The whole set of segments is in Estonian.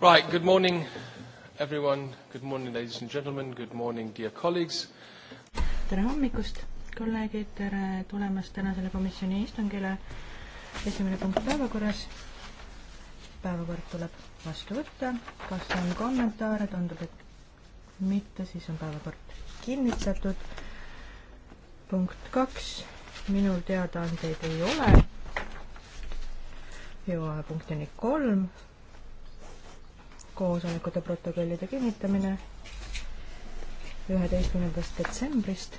Right. Good morning, everyone. Good morning, ladies and gentlemen. Good morning, dear colleagues. Tere hommikust, kolleegid! Tere tulemast tänasele komisjoni istungile. Esimene punkt päevakorras. Päevakord tuleb vastu võtta. Kas on kommentaare? Tundub, et mitte, siis on päevakord kinnitatud. Punkt kaks. Minul teadaandeid ei ole. Jõuame punktini kolm koosolekute protokollide kinnitamine üheteistkümnendast detsembrist.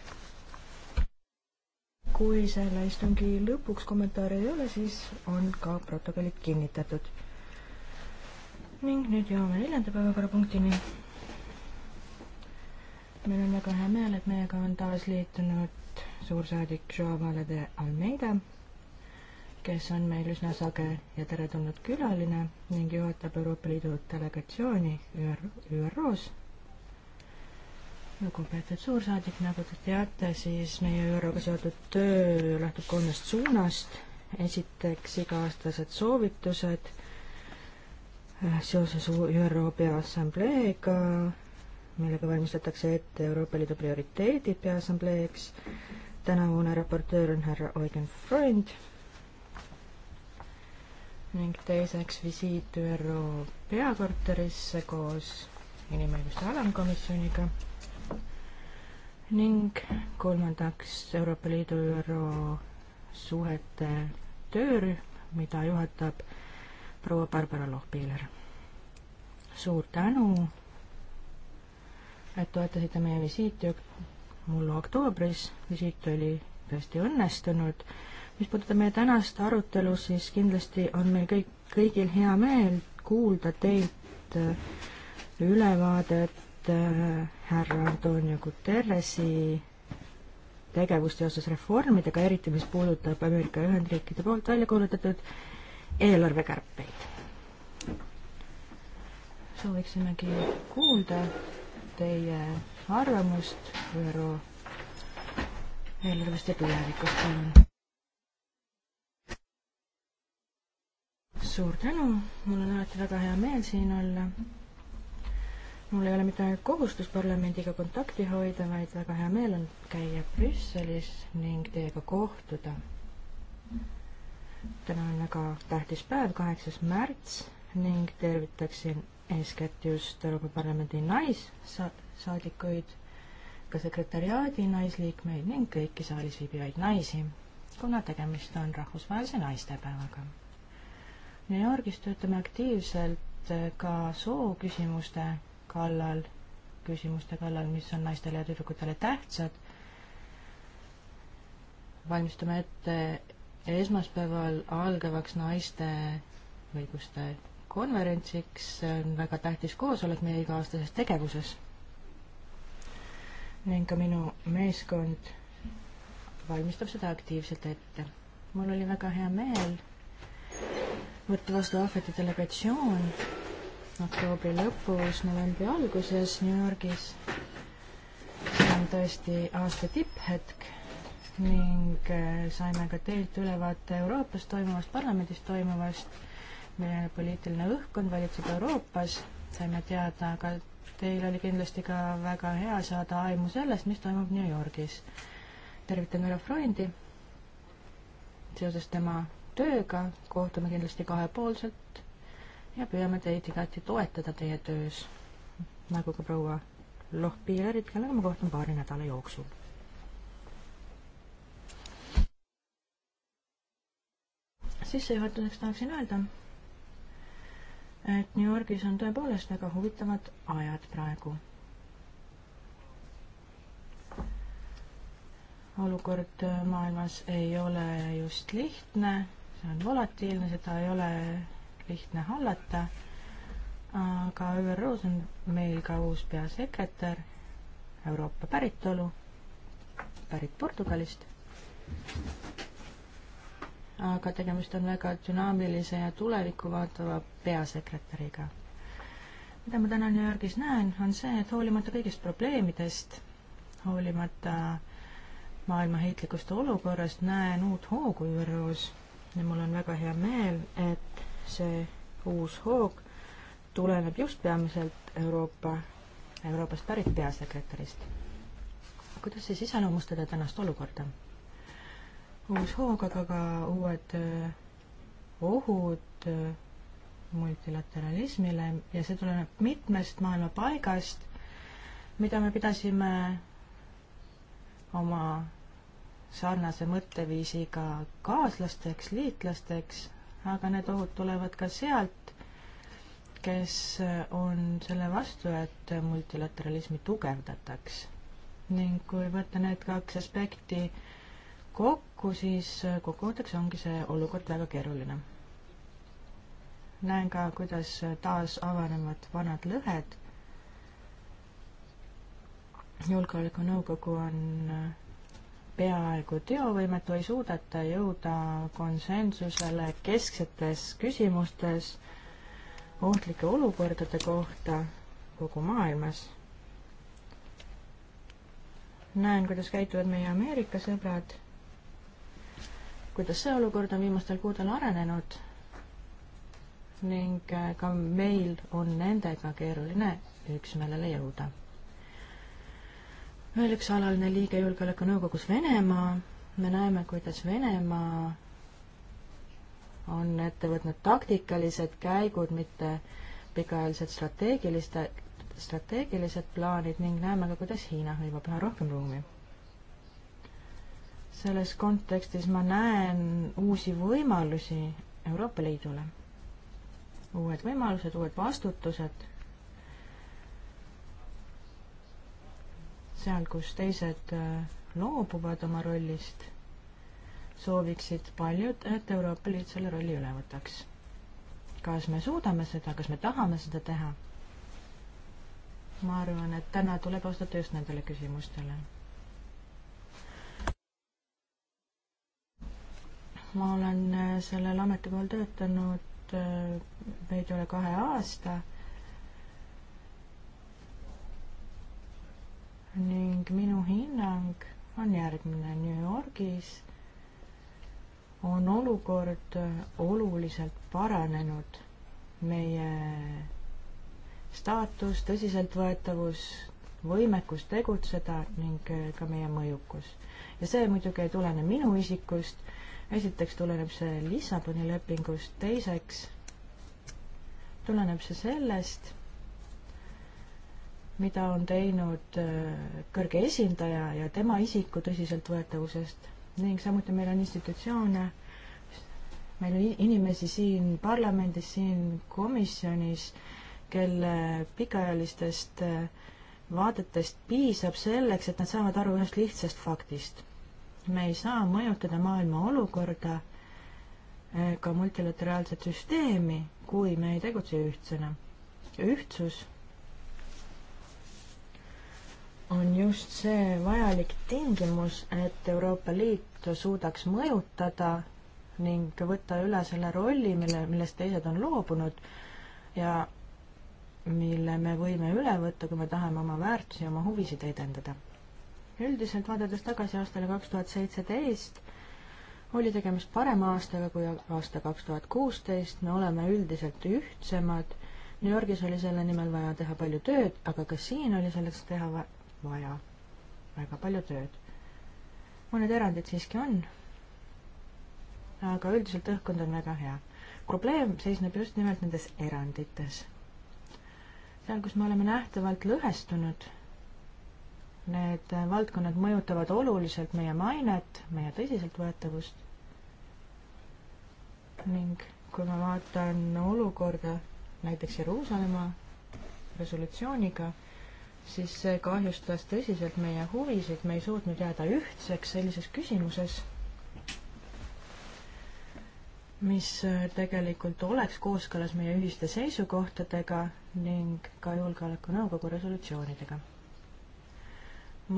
kui selle istungi lõpuks kommentaare ei ole, siis on ka protokollid kinnitatud. ning nüüd jõuame neljanda päevakorrapunktini. meil on väga hea meel, et meiega on taas liitunud suursaadik Joao Valede Almeida kes on meil üsna sage ja teretulnud külaline ning juhatab Euroopa Liidu delegatsiooni ÜRO-s. lugupeetud suursaadik, nagu te teate, siis meie ÜRO-ga seotud töö lähtub kolmest suunast. esiteks iga-aastased soovitused äh, seoses ÜRO Peaassambleega, millega valmistatakse ette Euroopa Liidu prioriteedid Peaassambleeks. tänavune raportöör on härra Eugen Freund ning teiseks visiit ÜRO peakorterisse koos inimõiguste alamkomisjoniga ning kolmandaks Euroopa Liidu ÜRO suhete töörühm, mida juhatab proua Barbara Lohpiiler. suur tänu, et toetasite meie visiiti mullu oktoobris, visiit oli tõesti õnnestunud mis puudutab meie tänast arutelu, siis kindlasti on meil kõik, kõigil hea meel kuulda teilt äh, ülevaadet äh, härra Antonio Guterresi tegevust seoses reformidega, eriti mis puudutab Ameerika Ühendriikide poolt välja kuulutatud eelarvekärpeid. sooviksimegi kuulda teie arvamust ÜRO eelarvest ja tulevikust, palun suur tänu, mul on alati väga hea meel siin olla. mul ei ole mitte ainult kohustus parlamendiga kontakti hoida, vaid väga hea meel on käia Brüsselis ning teiega kohtuda. täna on väga tähtis päev, kaheksas märts ning tervitaksin eeskätt just Euroopa Parlamendi naissaadikuid, ka sekretäriaadi naisliikmeid ning kõiki saalis viibivaid naisi, kuna tegemist on rahvusvahelise naistepäevaga. New Yorgis töötame aktiivselt eh, ka sooküsimuste kallal, küsimuste kallal, mis on naistele ja tüdrukutele tähtsad. valmistume ette esmaspäeval algavaks naiste õiguste konverentsiks, see on väga tähtis koosolek meie iga-aastases tegevuses. ning ka minu meeskond valmistab seda aktiivselt ette. mul oli väga hea meel võtta vastu ahveti delegatsioon oktoobri lõpus, novembri alguses New Yorgis. see on tõesti aasta tipphetk ning äh, saime ka teilt ülevaate Euroopas toimuvast, parlamendis toimuvast, milline poliitiline õhkkond valitseb Euroopas, saime teada, aga teil oli kindlasti ka väga hea saada aimu sellest, mis toimub New Yorgis. tervitan härra Freundi seoses tema tööga, kohtume kindlasti kahepoolselt ja püüame teid igati toetada teie töös, nagu ka proua Lohpiilerit, kellega ma kohtun paari nädala jooksul. sissejuhatuseks tahaksin öelda, et New Yorgis on tõepoolest väga huvitavad ajad praegu olukord maailmas ei ole just lihtne see on volatiilne, seda ei ole lihtne hallata, aga ÜRO-s on meil ka uus peasekretär, Euroopa päritolu, pärit Portugalist aga tegemist on väga dünaamilise ja tulevikku vaatava peasekretäriga. mida ma täna New Yorgis näen, on see, et hoolimata kõigist probleemidest, hoolimata maailma heitlikust olukorrast, näen uut hoogu ÜRO-s ja mul on väga hea meel, et see uus hoog tuleneb just peamiselt Euroopa, Euroopast pärit peasekretärist. kuidas siis iseloomustada tänast olukorda? uus hoog, aga ka uued äh, ohud äh, multilateralismile ja see tuleneb mitmest maailma paigast, mida me pidasime oma sarnase mõtteviisiga kaaslasteks, liitlasteks, aga need ohud tulevad ka sealt, kes on selle vastu, et multilateralismi tugevdataks. ning kui võtta need kaks aspekti kokku, siis kokkuvõtteks ongi see olukord väga keeruline. näen ka, kuidas taas avanevad vanad lõhed. julgeolekunõukogu on peaaegu teovõimetu, ei suudeta jõuda konsensusele kesksetes küsimustes ohtlike olukordade kohta kogu maailmas. näen, kuidas käituvad meie Ameerika sõbrad, kuidas see olukord on viimastel kuudel arenenud ning ka meil on nendega keeruline üksmeelele jõuda veel üks alaline liige Julgeolekunõukogus Venemaa. me näeme, kuidas Venemaa on ette võtnud taktikalised käigud, mitte pikaajalised strateegilist, strateegilised plaanid ning näeme ka, kuidas Hiina hõivab üha rohkem ruumi. selles kontekstis ma näen uusi võimalusi Euroopa Liidule. uued võimalused, uued vastutused seal, kus teised äh, loobuvad oma rollist, sooviksid paljud, et Euroopa Liit selle rolli üle võtaks. kas me suudame seda, kas me tahame seda teha? ma arvan, et täna tuleb vastata just nendele küsimustele. ma olen äh, sellel ametikohal töötanud äh, veidi üle kahe aasta ning minu hinnang on järgmine. New Yorgis on olukord oluliselt paranenud. meie staatus, tõsiseltvõetavus, võimekus tegutseda ning ka meie mõjukus. ja see muidugi ei tulene minu isikust, esiteks tuleneb see Lissaboni lepingust, teiseks tuleneb see sellest, mida on teinud äh, kõrge esindaja ja tema isiku tõsiseltvõetavusest ning samuti meil on institutsioone, meil on inimesi siin parlamendis, siin komisjonis, kelle pikaajalistest äh, vaadetest piisab selleks, et nad saavad aru ühest lihtsast faktist. me ei saa mõjutada maailma olukorda ega äh, multilateraalset süsteemi, kui me ei tegutse ühtsena. ühtsus on just see vajalik tingimus, et Euroopa Liit suudaks mõjutada ning võtta üle selle rolli, mille, millest teised on loobunud ja mille me võime üle võtta, kui me tahame oma väärtusi ja oma huvisid edendada. üldiselt vaadates tagasi aastale kaks tuhat seitseteist, oli tegemist parema aastaga kui aasta kaks tuhat kuusteist, me oleme üldiselt ühtsemad, New Yorgis oli selle nimel vaja teha palju tööd, aga ka siin oli selleks teha vaja väga palju tööd. mõned erandid siiski on, aga üldiselt õhkkond on väga hea. probleem seisneb just nimelt nendes erandites. seal, kus me oleme nähtavalt lõhestunud, need valdkonnad mõjutavad oluliselt meie mainet, meie tõsiseltvõetavust ning kui ma vaatan olukorda näiteks Jeruusalemma resolutsiooniga, siis see kahjustas tõsiselt meie huvisid, me ei suutnud jääda ühtseks sellises küsimuses, mis tegelikult oleks kooskõlas meie ühiste seisukohtadega ning ka Julgeolekunõukogu resolutsioonidega.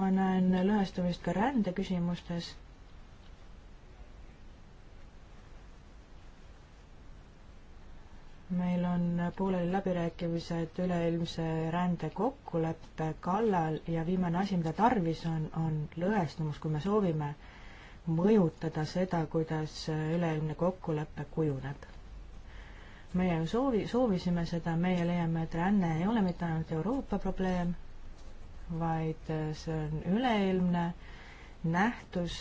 ma näen lõhestumist ka rändeküsimustes meil on pooleli läbirääkimised üleilmse rändekokkuleppe kallal ja viimane asi, mida tarvis on, on lõhestumus, kui me soovime mõjutada seda, kuidas üleilmne kokkulepe kujuneb. meie ju soovi, soovisime seda, meie leiame, et ränne ei ole mitte ainult Euroopa probleem, vaid see on üleilmne nähtus,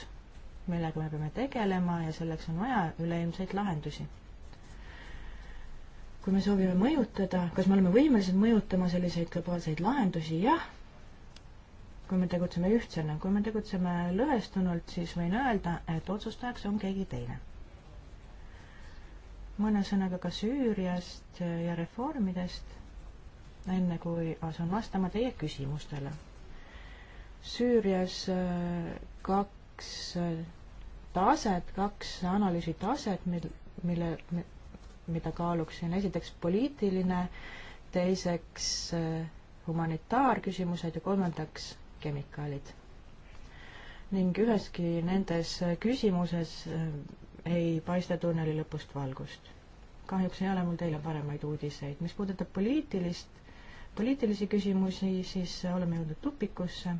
millega me peame tegelema ja selleks on vaja üleilmseid lahendusi kui me soovime mõjutada, kas me oleme võimelised mõjutama selliseid globaalseid lahendusi, jah. kui me tegutseme ühtsena, kui me tegutseme lõhestunult, siis võin öelda, et otsustajaks on keegi teine. mõne sõnaga ka Süüriast ja reformidest, enne kui asun vastama teie küsimustele. Süürias äh, kaks äh, taset, kaks analüüsi taset, mil, mille, mille mida kaaluksin, esiteks poliitiline, teiseks äh, humanitaarküsimused ja kolmandaks kemikaalid. ning üheski nendes küsimuses äh, ei paista tunneli lõpust valgust. kahjuks ei ole mul teile paremaid uudiseid. mis puudutab poliitilist, poliitilisi küsimusi, siis oleme jõudnud tupikusse.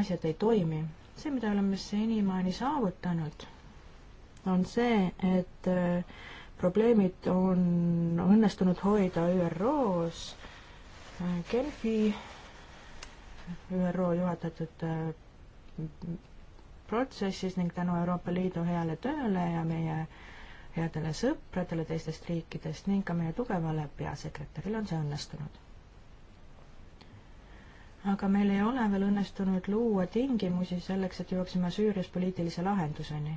asjad ei toimi. see, mida oleme senimaani saavutanud on see, et äh, probleemid on õnnestunud hoida ÜRO-s, äh, Genfi ÜRO juhatatud äh, protsessis ning tänu Euroopa Liidu heale tööle ja meie headele sõpradele teistest riikidest ning ka meie tugevale peasekretärile on see õnnestunud. aga meil ei ole veel õnnestunud luua tingimusi selleks, et jõuaksime Süürias poliitilise lahenduseni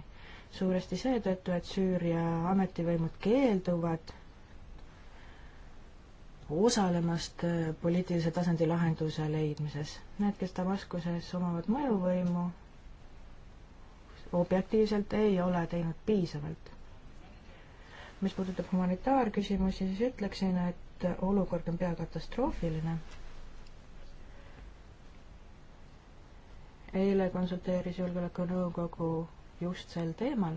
suuresti seetõttu, et Süüria ametivõimud keelduvad osalemast äh, poliitilise tasandi lahenduse leidmises. Need, kes Damaskuses omavad mõjuvõimu, objektiivselt ei ole teinud piisavalt. mis puudutab humanitaarküsimusi, siis ütleksin, et olukord on pea katastroofiline. eile konsulteeris Julgeolekunõukogu just sel teemal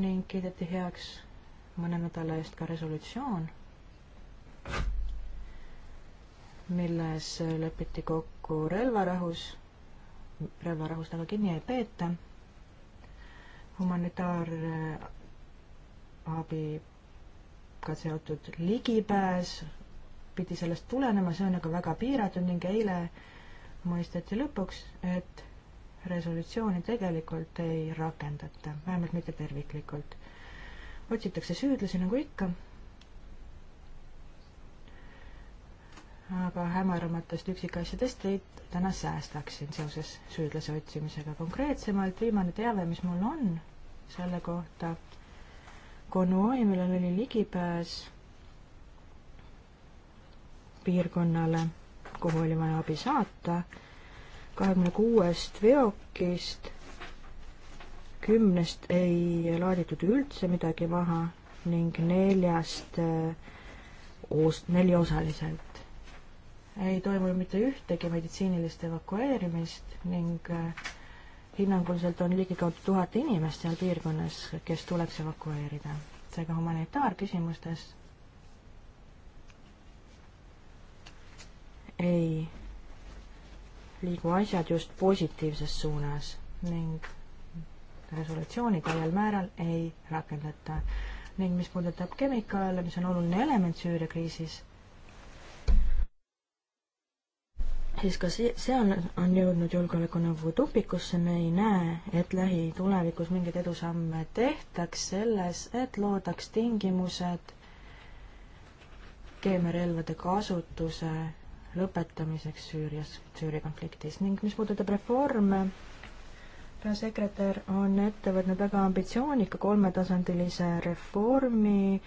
ning kiideti heaks mõne nädala eest ka resolutsioon, milles lepiti kokku relvarahus, relvarahust aga kinni ei peeta, humanitaarabiga seotud ligipääs pidi sellest tulenema, see on aga väga piiratud ning eile mõisteti lõpuks, et resolutsiooni tegelikult ei rakendata, vähemalt mitte terviklikult. otsitakse süüdlasi nagu ikka, aga hämaramatest üksikasjadest teid täna säästaksin seoses süüdlase otsimisega konkreetsemalt. viimane teave, mis mul on selle kohta, konvoi, millel oli ligipääs piirkonnale, kuhu oli vaja abi saata kahekümne kuuest veokist, kümnest ei laaditud üldse midagi maha ning neljast eh, os-, neliosaliselt ei toimunud mitte ühtegi meditsiinilist evakueerimist ning eh, hinnanguliselt on ligikaudu tuhat inimest seal piirkonnas, kes tuleks evakueerida. seega humanitaarküsimustes ei liiguma asjad just positiivses suunas ning resolutsiooni täiel määral ei rakendata. ning mis puudutab kemikaale, mis on oluline element Süüria kriisis, siis ka see, seal on jõudnud Julgeolekunõukogu tupikusse, me ei näe, et lähitulevikus mingeid edusamme tehtaks selles, et loodaks tingimused keemiarelvade kasutuse lõpetamiseks Süürias, Süüria konfliktis ning mis puudutab reforme, peasekretär on ette võtnud väga ambitsioonika kolmetasandilise reformi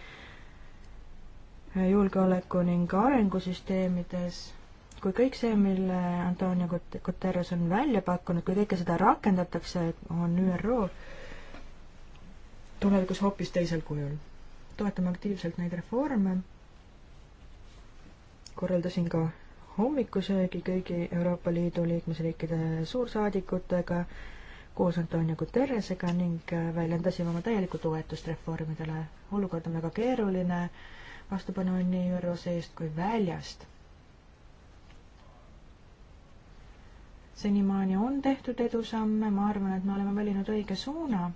julgeoleku ning arengusüsteemides kui kõik see, mille Antonio Guterres on välja pakkunud, kui kõike seda rakendatakse, on ÜRO tulevikus hoopis teisel kujul. toetame aktiivselt neid reforme, korraldasin ka hommikusöögi kõigi Euroopa Liidu liikmesriikide suursaadikutega koos Antonio Guterresega ning äh, väljendasime oma täielikku toetust reformidele. olukord on väga keeruline, vastupanu on nii ÜRO seest kui väljast. senimaani on tehtud edusamme, ma arvan, et me oleme valinud õige suuna.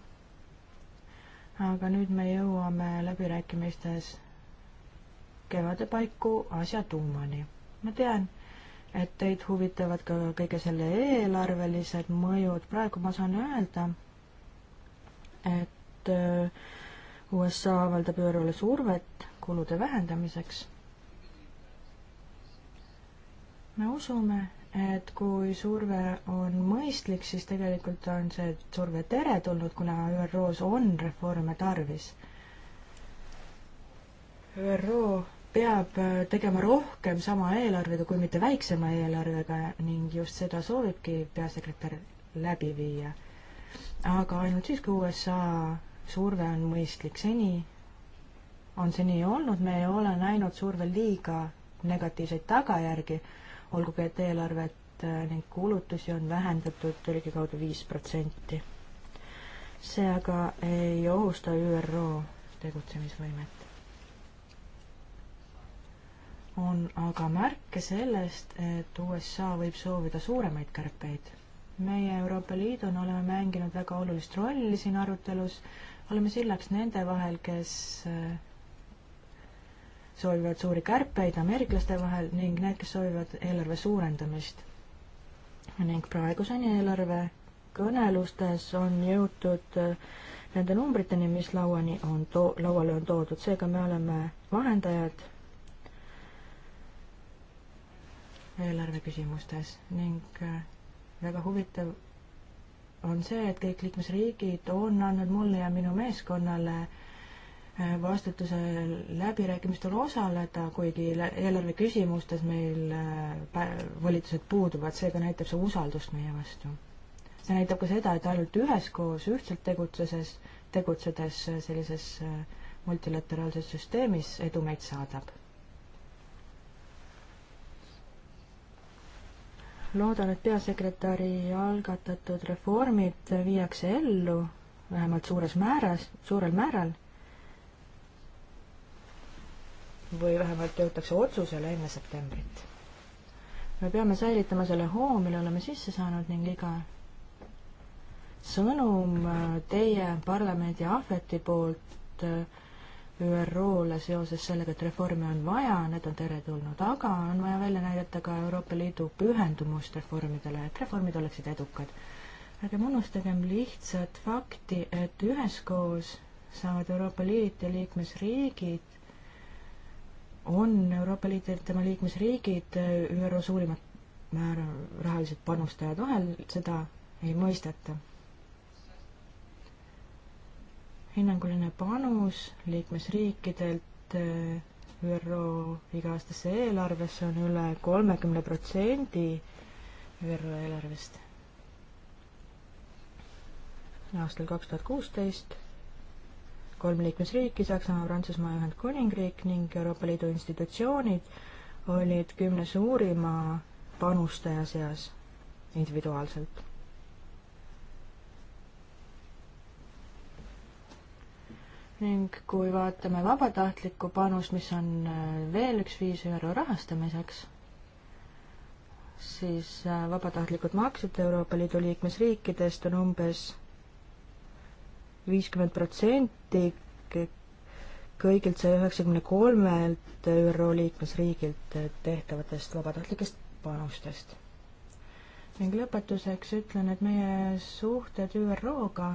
aga nüüd me jõuame läbirääkimistes kevade paiku asja tuumani ma tean, et teid huvitavad ka kõige selle eelarvelised mõjud, praegu ma saan öelda, et äh, USA avaldab ÜRO-le survet kulude vähendamiseks. me usume, et kui surve on mõistlik, siis tegelikult on see surve teretulnud, kuna ÜRO-s on reforme tarvis. ÜRO peab äh, tegema rohkem sama eelarvega kui mitte väiksema eelarvega ning just seda soovibki peasekretär läbi viia. aga ainult siis, kui USA surve on mõistlik. seni on see nii olnud, me ei ole näinud survel liiga negatiivseid tagajärgi, olgugi et eelarvet äh, ning kulutusi on vähendatud ligikaudu viis protsenti. see aga ei ohusta ÜRO tegutsemisvõimet on aga märke sellest, et USA võib soovida suuremaid kärpeid. meie Euroopa Liiduna oleme mänginud väga olulist rolli siin arutelus, oleme sillaks nende vahel, kes äh, soovivad suuri kärpeid ameeriklaste vahel ning need, kes soovivad eelarve suurendamist. ning praeguseni eelarve kõnelustes on jõutud äh, nende numbriteni, mis lauani on to-, lauale on toodud, seega me oleme vahendajad eelarve küsimustes ning äh, väga huvitav on see, et kõik liikmesriigid on andnud mulle ja minu meeskonnale äh, vastutuse läbirääkimistel osaleda, kuigi eelarve küsimustes meil äh, volitused puuduvad, seega näitab see usaldust meie vastu. see näitab ka seda, et ainult üheskoos, ühtselt tegutseses, tegutsedes sellises multilateraalses süsteemis edu meid saadab loodan, et peasekretäri algatatud reformid viiakse ellu vähemalt suures määras, suurel määral. või vähemalt jõutakse otsusele enne septembrit. me peame säilitama selle hoo, mille oleme sisse saanud ning iga sõnum teie parlamendi ahveti poolt äh, ÜRO-le seoses sellega, et reforme on vaja, need on teretulnud, aga on vaja välja näidata ka Euroopa Liidu pühendumust reformidele, et reformid oleksid edukad. ärgem unustagem lihtsat fakti, et üheskoos saavad Euroopa Liit ja liikmesriigid on Euroopa Liit ja tema liikmesriigid ÜRO suurimad määral rahalised panustajad, vahel seda ei mõisteta hinnanguline panus liikmesriikidelt eh, ÜRO iga-aastasse eelarvesse on üle kolmekümne protsendi ÜRO eelarvest. aastal kaks tuhat kuusteist kolm liikmesriiki, Saksamaa, Prantsusmaa ja Ühendkuningriik ning Euroopa Liidu institutsioonid olid kümne suurima panustaja seas individuaalselt ning kui vaatame vabatahtlikku panust, mis on äh, veel üks viis ÜRO rahastamiseks, siis äh, vabatahtlikud maksud Euroopa Liidu liikmesriikidest on umbes viiskümmend protsenti kõigilt saja üheksakümne kolmelt ÜRO liikmesriigilt äh, tehtavatest vabatahtlikest panustest. ning lõpetuseks ütlen, et meie suhted ÜRO-ga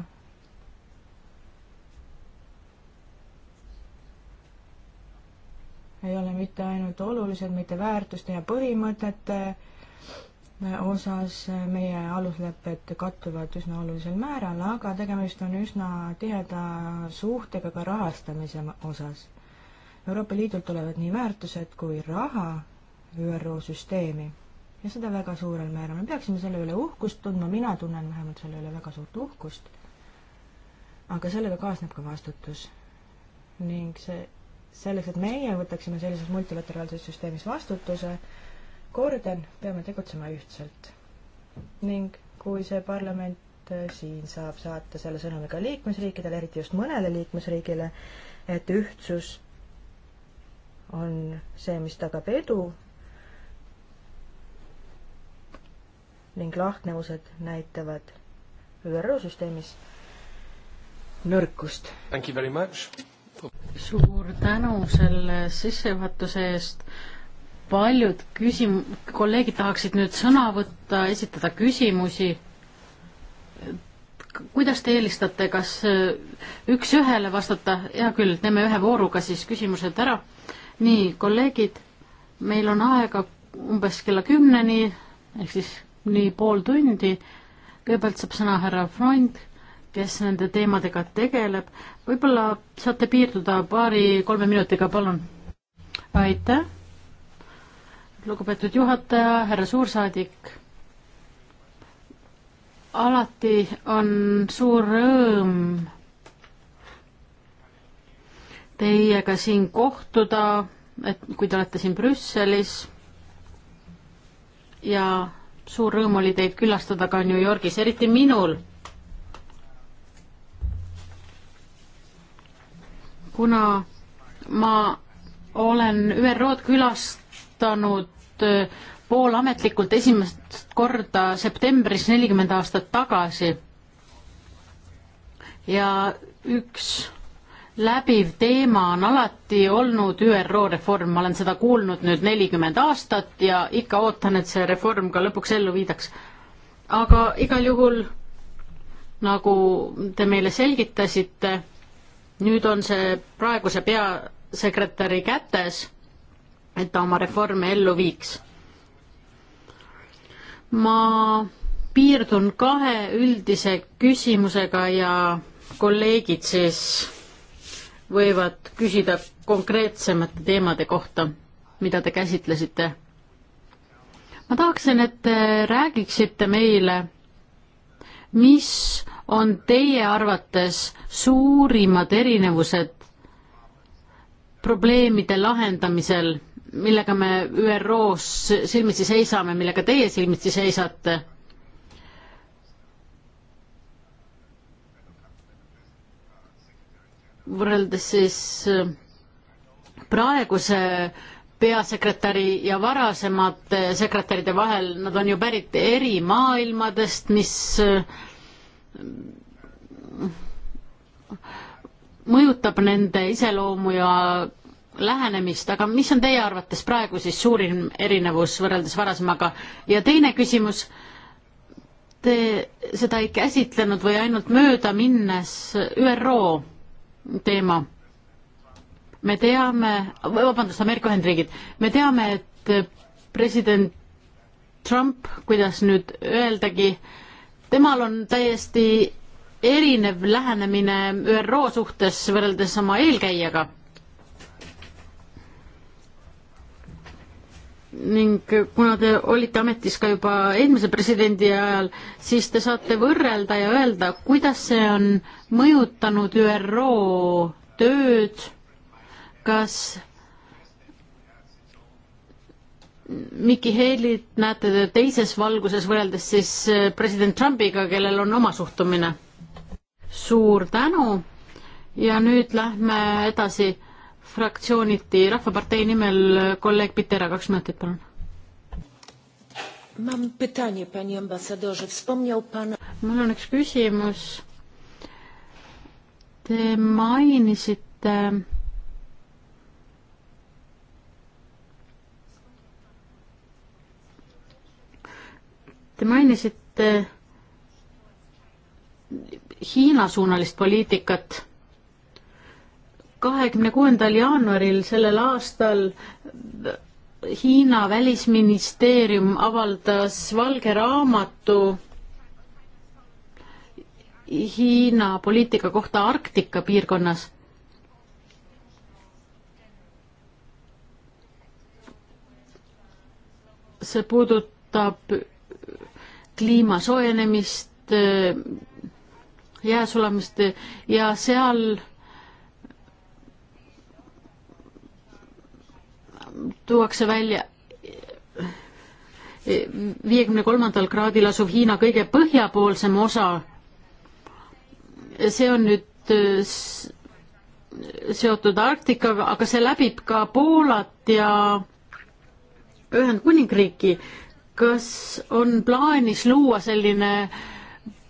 ei ole mitte ainult olulised mitte väärtuste ja põhimõtete äh, osas, äh, meie aluslepped kattuvad üsna olulisel määral, aga tegemist on üsna tiheda suhtega ka rahastamise osas. Euroopa Liidult tulevad nii väärtused kui raha ÜRO süsteemi ja seda väga suurel määral. me peaksime selle üle uhkust tundma, mina tunnen vähemalt selle üle väga suurt uhkust. aga sellega kaasneb ka vastutus ning see selleks, et meie võtaksime sellises multilateraalses süsteemis vastutuse, kordan, peame tegutsema ühtselt. ning kui see parlament äh, siin saab saata selle sõnumi ka liikmesriikidele, eriti just mõnele liikmesriigile, et ühtsus on see, mis tagab edu ning lahknevused näitavad ÜRO süsteemis nõrkust. Thank you very much suur tänu selle sissejuhatuse eest. paljud küsim-, kolleegid tahaksid nüüd sõna võtta, esitada küsimusi. kuidas te eelistate, kas üks-ühele vastata, hea küll, teeme ühe vooruga siis küsimused ära. nii, kolleegid, meil on aega umbes kella kümneni ehk siis nii pool tundi. kõigepealt saab sõna härra Freund, kes nende teemadega tegeleb võib-olla saate piirduda paari-kolme minutiga, palun. aitäh, lugupeetud juhataja, härra suursaadik. alati on suur rõõm teiega siin kohtuda, et kui te olete siin Brüsselis ja suur rõõm oli teid külastada ka New Yorgis, eriti minul kuna ma olen ÜRO-d külastanud äh, poolametlikult esimest korda septembris nelikümmend aastat tagasi. ja üks läbiv teema on alati olnud ÜRO reform, ma olen seda kuulnud nüüd nelikümmend aastat ja ikka ootan, et see reform ka lõpuks ellu viidaks. aga igal juhul, nagu te meile selgitasite nüüd on see praeguse peasekretäri kätes, et ta oma reforme ellu viiks. ma piirdun kahe üldise küsimusega ja kolleegid siis võivad küsida konkreetsemate teemade kohta, mida te käsitlesite. ma tahaksin, et te räägiksite meile, mis on teie arvates suurimad erinevused probleemide lahendamisel, millega me ÜRO-s silmitsi seisame, millega teie silmitsi seisate? võrreldes siis äh, praeguse peasekretäri ja varasemate sekretäride vahel, nad on ju pärit eri maailmadest, mis äh, mõjutab nende iseloomu ja lähenemist, aga mis on teie arvates praegu siis suurim erinevus võrreldes varasemaga? ja teine küsimus, te seda ei käsitlenud või ainult mööda minnes ÜRO teema? me teame, vabandust, Ameerika Ühendriigid, me teame, et president Trump, kuidas nüüd öeldagi äh,, temal on täiesti erinev lähenemine ÜRO suhtes võrreldes oma eelkäijaga. ning kuna te olite ametis ka juba eelmise presidendi ajal, siis te saate võrrelda ja öelda, kuidas see on mõjutanud ÜRO tööd, kas Mikki Heilit näete te teises valguses võrreldes siis äh, president Trumpiga, kellel on oma suhtumine? suur tänu ja nüüd lähme edasi fraktsiooniti. Rahvapartei nimel äh, kolleeg Pitera, kaks minutit, palun. mul on üks küsimus. Te mainisite Te mainisite Hiina-suunalist poliitikat. kahekümne kuuendal jaanuaril sellel aastal Hiina välisministeerium avaldas valge raamatu Hiina poliitika kohta Arktika piirkonnas. see puudutab kliima soojenemist, jää äh, sulamist ja seal tuuakse välja viiekümne kolmandal kraadil asuv Hiina kõige põhjapoolsem osa. see on nüüd äh, seotud Arktikaga, aga see läbib ka Poolat ja Ühendkuningriiki, kas on plaanis luua selline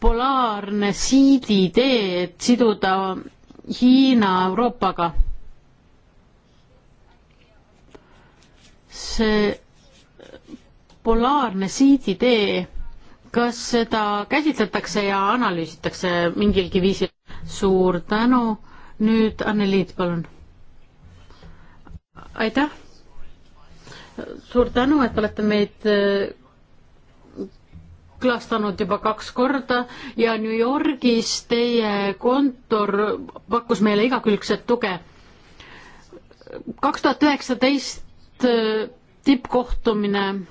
polaarne siiditee, et siduda Hiina Euroopaga? see polaarne siiditee, kas seda käsitletakse ja analüüsitakse mingilgi viisil? suur tänu, nüüd Anne Liit, palun. aitäh suur tänu, et olete meid äh, külastanud juba kaks korda ja New Yorgis teie kontor pakkus meile igakülgset tuge. kaks tuhat üheksateist äh, tippkohtumine.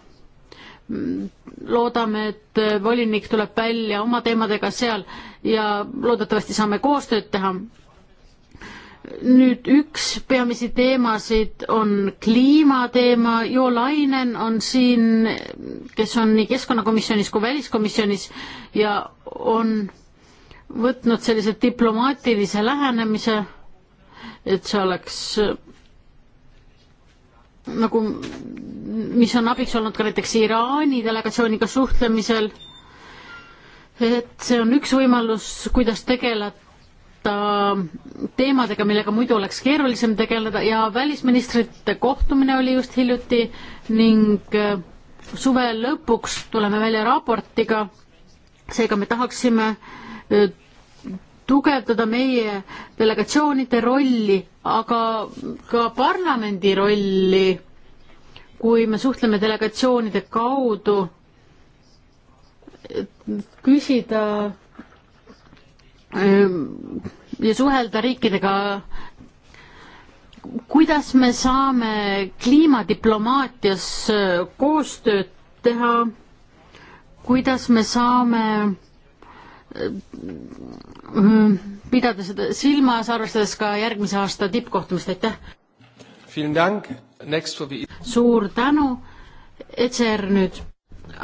loodame, et äh, volinik tuleb välja oma teemadega seal ja loodetavasti saame koostööd teha nüüd üks peamisi teemasid on kliimateema, Jo Lainen on siin, kes on nii keskkonnakomisjonis kui väliskomisjonis ja on võtnud sellise diplomaatilise lähenemise, et see oleks nagu, mis on abiks olnud ka näiteks Iraani delegatsiooniga suhtlemisel, et see on üks võimalus, kuidas tegeleda tegeleda teemadega, millega muidu oleks keerulisem tegeleda ja välisministrite kohtumine oli just hiljuti ning äh, suve lõpuks tuleme välja raportiga, seega me tahaksime äh, tugevdada meie delegatsioonide rolli, aga ka parlamendi rolli, kui me suhtleme delegatsioonide kaudu, küsida Ehm, ja suhelda riikidega. kuidas me saame kliimadiplomaatias eh, koostööd teha, kuidas me saame eh, mm, pidada seda silmas, arvestades ka järgmise aasta tippkohtumist, aitäh! suur tänu, ECR nüüd,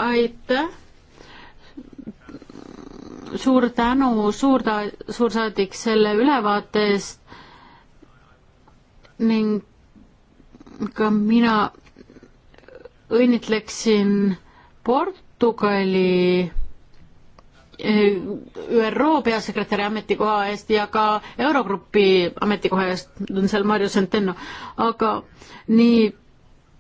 aitäh! suur tänu suurta-, suursaadik selle ülevaate eest ning ka mina õnnitleksin Portugali eh, ÜRO peasekretäri ametikoha eest ja ka Eurogrupi ametikoha eest on seal Mario Centeno, aga nii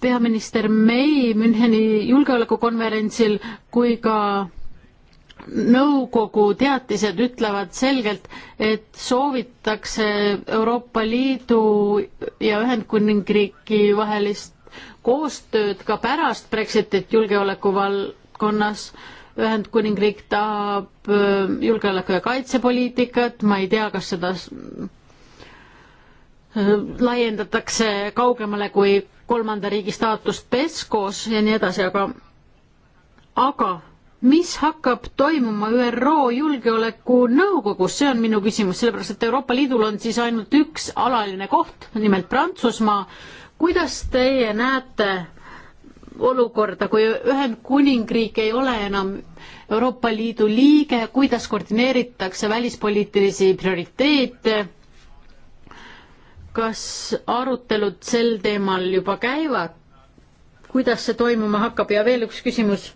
peaminister May Müncheni julgeolekukonverentsil kui ka nõukogu teatised ütlevad selgelt, et soovitakse Euroopa Liidu ja Ühendkuningriigi vahelist koostööd ka pärast Brexitit julgeoleku valdkonnas. Ühendkuningriik tahab äh, julgeoleku- ja kaitsepoliitikat, ma ei tea, kas seda äh, laiendatakse kaugemale kui kolmanda riigi staatust PESCO-s ja nii edasi, aga, aga mis hakkab toimuma ÜRO Julgeolekunõukogus, see on minu küsimus, sellepärast et Euroopa Liidul on siis ainult üks alaline koht, nimelt Prantsusmaa. kuidas teie näete olukorda, kui Ühendkuningriik ei ole enam Euroopa Liidu liige, kuidas koordineeritakse välispoliitilisi prioriteete? kas arutelud sel teemal juba käivad? kuidas see toimuma hakkab ja veel üks küsimus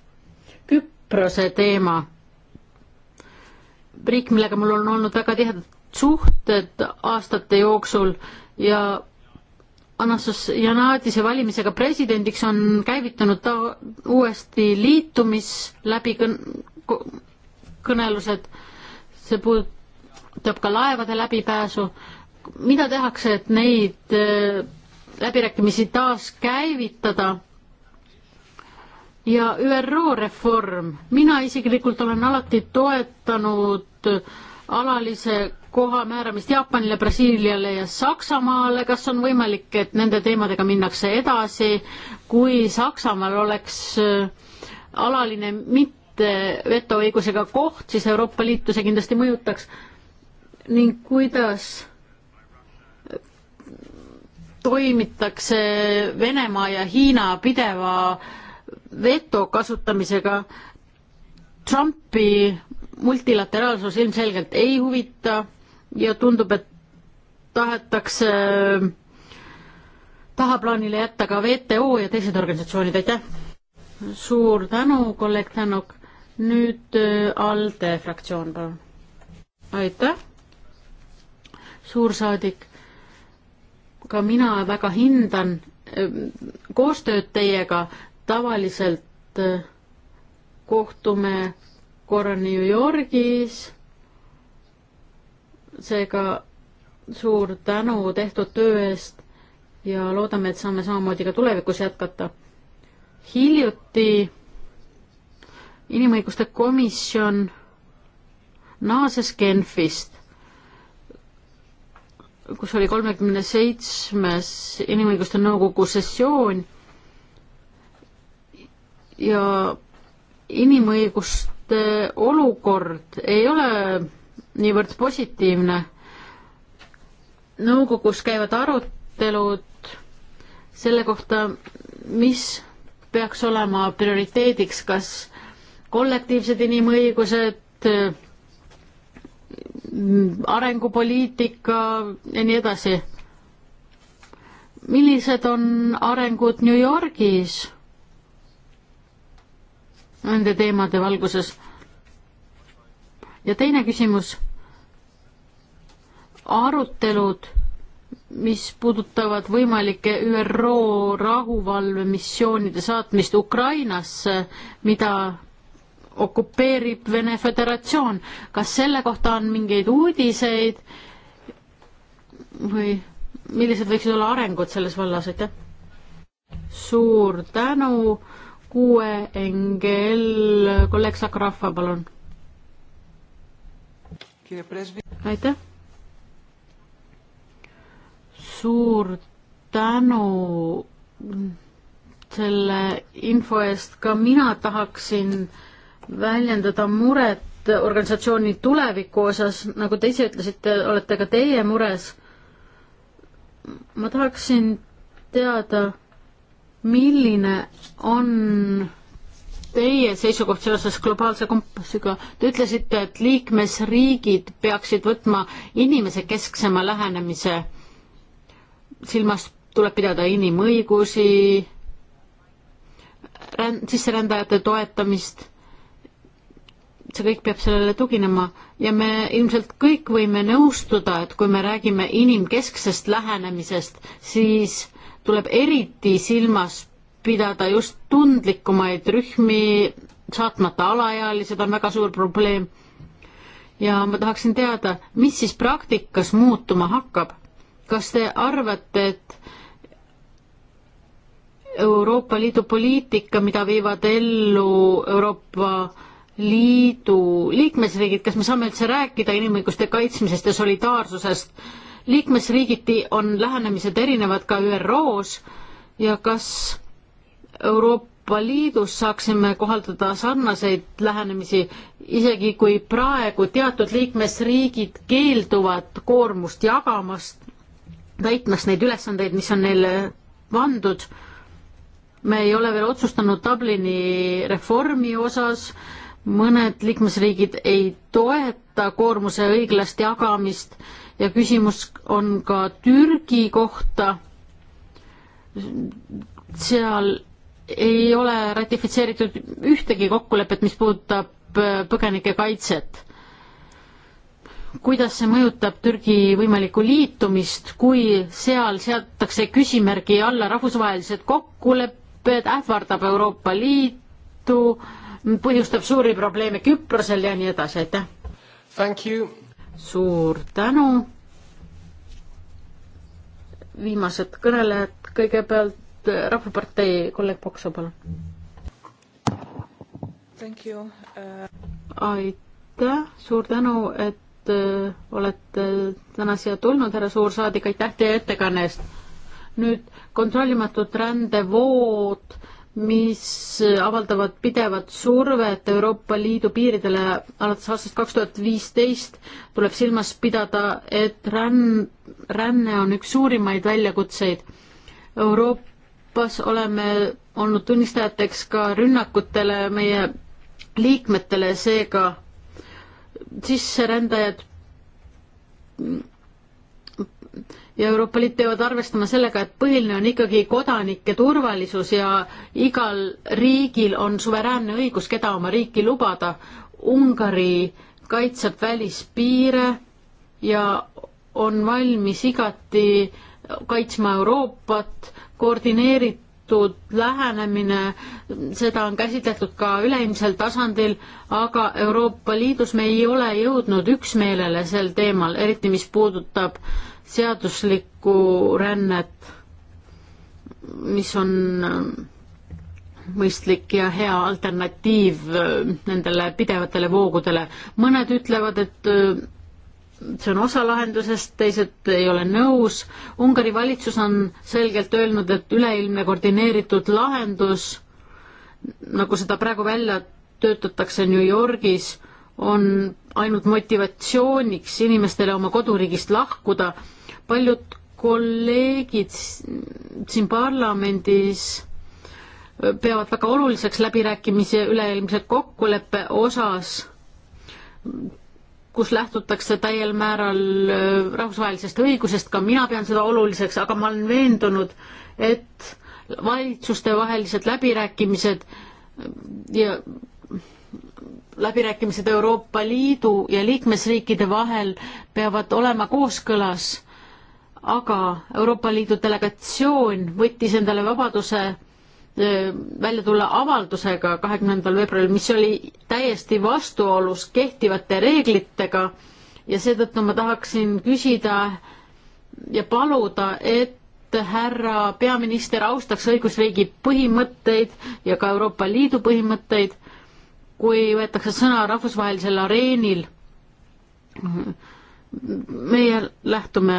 Küprose teema. riik, millega mul on olnud väga tihedad suhted aastate jooksul ja Anastas Janadise valimisega presidendiks on käivitanud ta uuesti liitumisläbi kõn-, kõnelused, see puudutab ka laevade läbipääsu, mida tehakse, et neid äh, läbirääkimisi taaskäivitada ja ÜRO reform, mina isiklikult olen alati toetanud alalise koha määramist Jaapanile, Brasiiliale ja Saksamaale, kas on võimalik, et nende teemadega minnakse edasi, kui Saksamaal oleks äh, alaline mitte vetoõigusega koht, siis Euroopa Liitu see kindlasti mõjutaks. ning kuidas äh, toimitakse Venemaa ja Hiina pideva äh, veto kasutamisega. Trumpi multilateraalsus ilmselgelt ei huvita ja tundub, et tahetakse tahaplaanile jätta ka WTO ja teised organisatsioonid, aitäh! suur tänu, kolleeg Tänuk. nüüd äh, ALDE fraktsioon, palun. aitäh, suursaadik. ka mina väga hindan äh, koostööd teiega, tavaliselt äh, kohtume korra New Yorgis, seega suur tänu tehtud töö eest ja loodame, et saame samamoodi ka tulevikus jätkata. hiljuti inimõiguste komisjon naases Genfist, kus oli kolmekümne seitsmes inimõiguste nõukogu sessioon ja inimõiguste olukord ei ole niivõrd positiivne. nõukogus käivad arutelud selle kohta, mis peaks olema prioriteediks, kas kollektiivsed inimõigused, arengupoliitika ja nii edasi. millised on arengud New Yorgis? nende teemade valguses. ja teine küsimus, arutelud, mis puudutavad võimalike ÜRO rahuvalvemissioonide saatmist Ukrainasse, mida okupeerib Vene Föderatsioon, kas selle kohta on mingeid uudiseid või millised võiksid olla arengud selles vallas, aitäh? suur tänu kuue NGL, kolleeg Sakrahva, palun. aitäh. suur tänu selle info eest, ka mina tahaksin väljendada muret organisatsiooni tuleviku osas, nagu te ise ütlesite, olete ka teie mures. ma tahaksin teada milline on teie seisukoht seoses globaalse kompassiga? Te ütlesite, et liikmesriigid peaksid võtma inimese kesksema lähenemise. silmas tuleb pidada inimõigusi, sisserändajate toetamist see kõik peab sellele tuginema ja me ilmselt kõik võime nõustuda, et kui me räägime inimkesksest lähenemisest, siis tuleb eriti silmas pidada just tundlikumaid rühmi, saatmata alaealised on väga suur probleem. ja ma tahaksin teada, mis siis praktikas muutuma hakkab? kas te arvate, et Euroopa Liidu poliitika, mida viivad ellu Euroopa Liidu liikmesriigid, kas me saame üldse rääkida inimõiguste kaitsmisest ja solidaarsusest? liikmesriigiti on lähenemised erinevad ka ÜRO-s ja kas Euroopa Liidus saaksime kohaldada sarnaseid lähenemisi, isegi kui praegu teatud liikmesriigid keelduvad koormust jagamast, täitmast neid ülesandeid, mis on neile pandud. me ei ole veel otsustanud Dublini reformi osas mõned liikmesriigid ei toeta koormuse õiglast jagamist ja küsimus on ka Türgi kohta. seal ei ole ratifitseeritud ühtegi kokkulepet, mis puudutab äh, põgenike kaitset. kuidas see mõjutab Türgi võimalikku liitumist, kui seal seatakse küsimärgi alla rahvusvahelised kokkulepped, ähvardab Euroopa Liitu äh, põhjustab suuri probleeme Küprosel ja nii edasi, aitäh! suur tänu! viimased kõnelejad, kõigepealt äh, Rahvapartei kolleeg Pokso, palun. Äh. aitäh, suur tänu, et äh, olete täna siia tulnud, härra suursaadik, aitäh teie ettekanne eest. nüüd kontrollimatud rändevood mis avaldavad pidevat survet Euroopa Liidu piiridele alates aastast kaks tuhat viisteist, tuleb silmas pidada, et ränn, ränne on üks suurimaid väljakutseid. Euroopas oleme olnud tunnistajateks ka rünnakutele meie liikmetele, seega sisserändajad ja Euroopa Liit peavad arvestama sellega, et põhiline on ikkagi kodanike turvalisus ja igal riigil on suveräänne õigus, keda oma riiki lubada. Ungari kaitseb välispiire ja on valmis igati kaitsma Euroopat, koordineeritud lähenemine, seda on käsitletud ka üleilmsel tasandil, aga Euroopa Liidus me ei ole jõudnud üksmeelele sel teemal, eriti mis puudutab äh, seaduslikku rännet, mis on äh, mõistlik ja hea alternatiiv äh, nendele pidevatele voogudele. mõned ütlevad, et äh, see on osa lahendusest, teised ei ole nõus. Ungari valitsus on selgelt öelnud, et üleilmne koordineeritud lahendus, nagu seda praegu välja töötatakse New Yorgis, on ainult motivatsiooniks inimestele oma koduriigist lahkuda paljud kolleegid siin parlamendis peavad väga oluliseks läbirääkimisi üleilmse kokkuleppe osas, kus lähtutakse täiel määral äh, rahvusvahelisest õigusest, ka mina pean seda oluliseks, aga ma olen veendunud, et valitsustevahelised läbirääkimised äh, ja läbirääkimised Euroopa Liidu ja liikmesriikide vahel peavad olema kooskõlas aga Euroopa Liidu delegatsioon võttis endale vabaduse välja tulla avaldusega kahekümnendal veebruaril, mis oli täiesti vastuolus kehtivate reeglitega ja seetõttu ma tahaksin küsida ja paluda, et härra peaminister austaks õigusriigi põhimõtteid ja ka Euroopa Liidu põhimõtteid, kui võetakse sõna rahvusvahelisel areenil. meie lähtume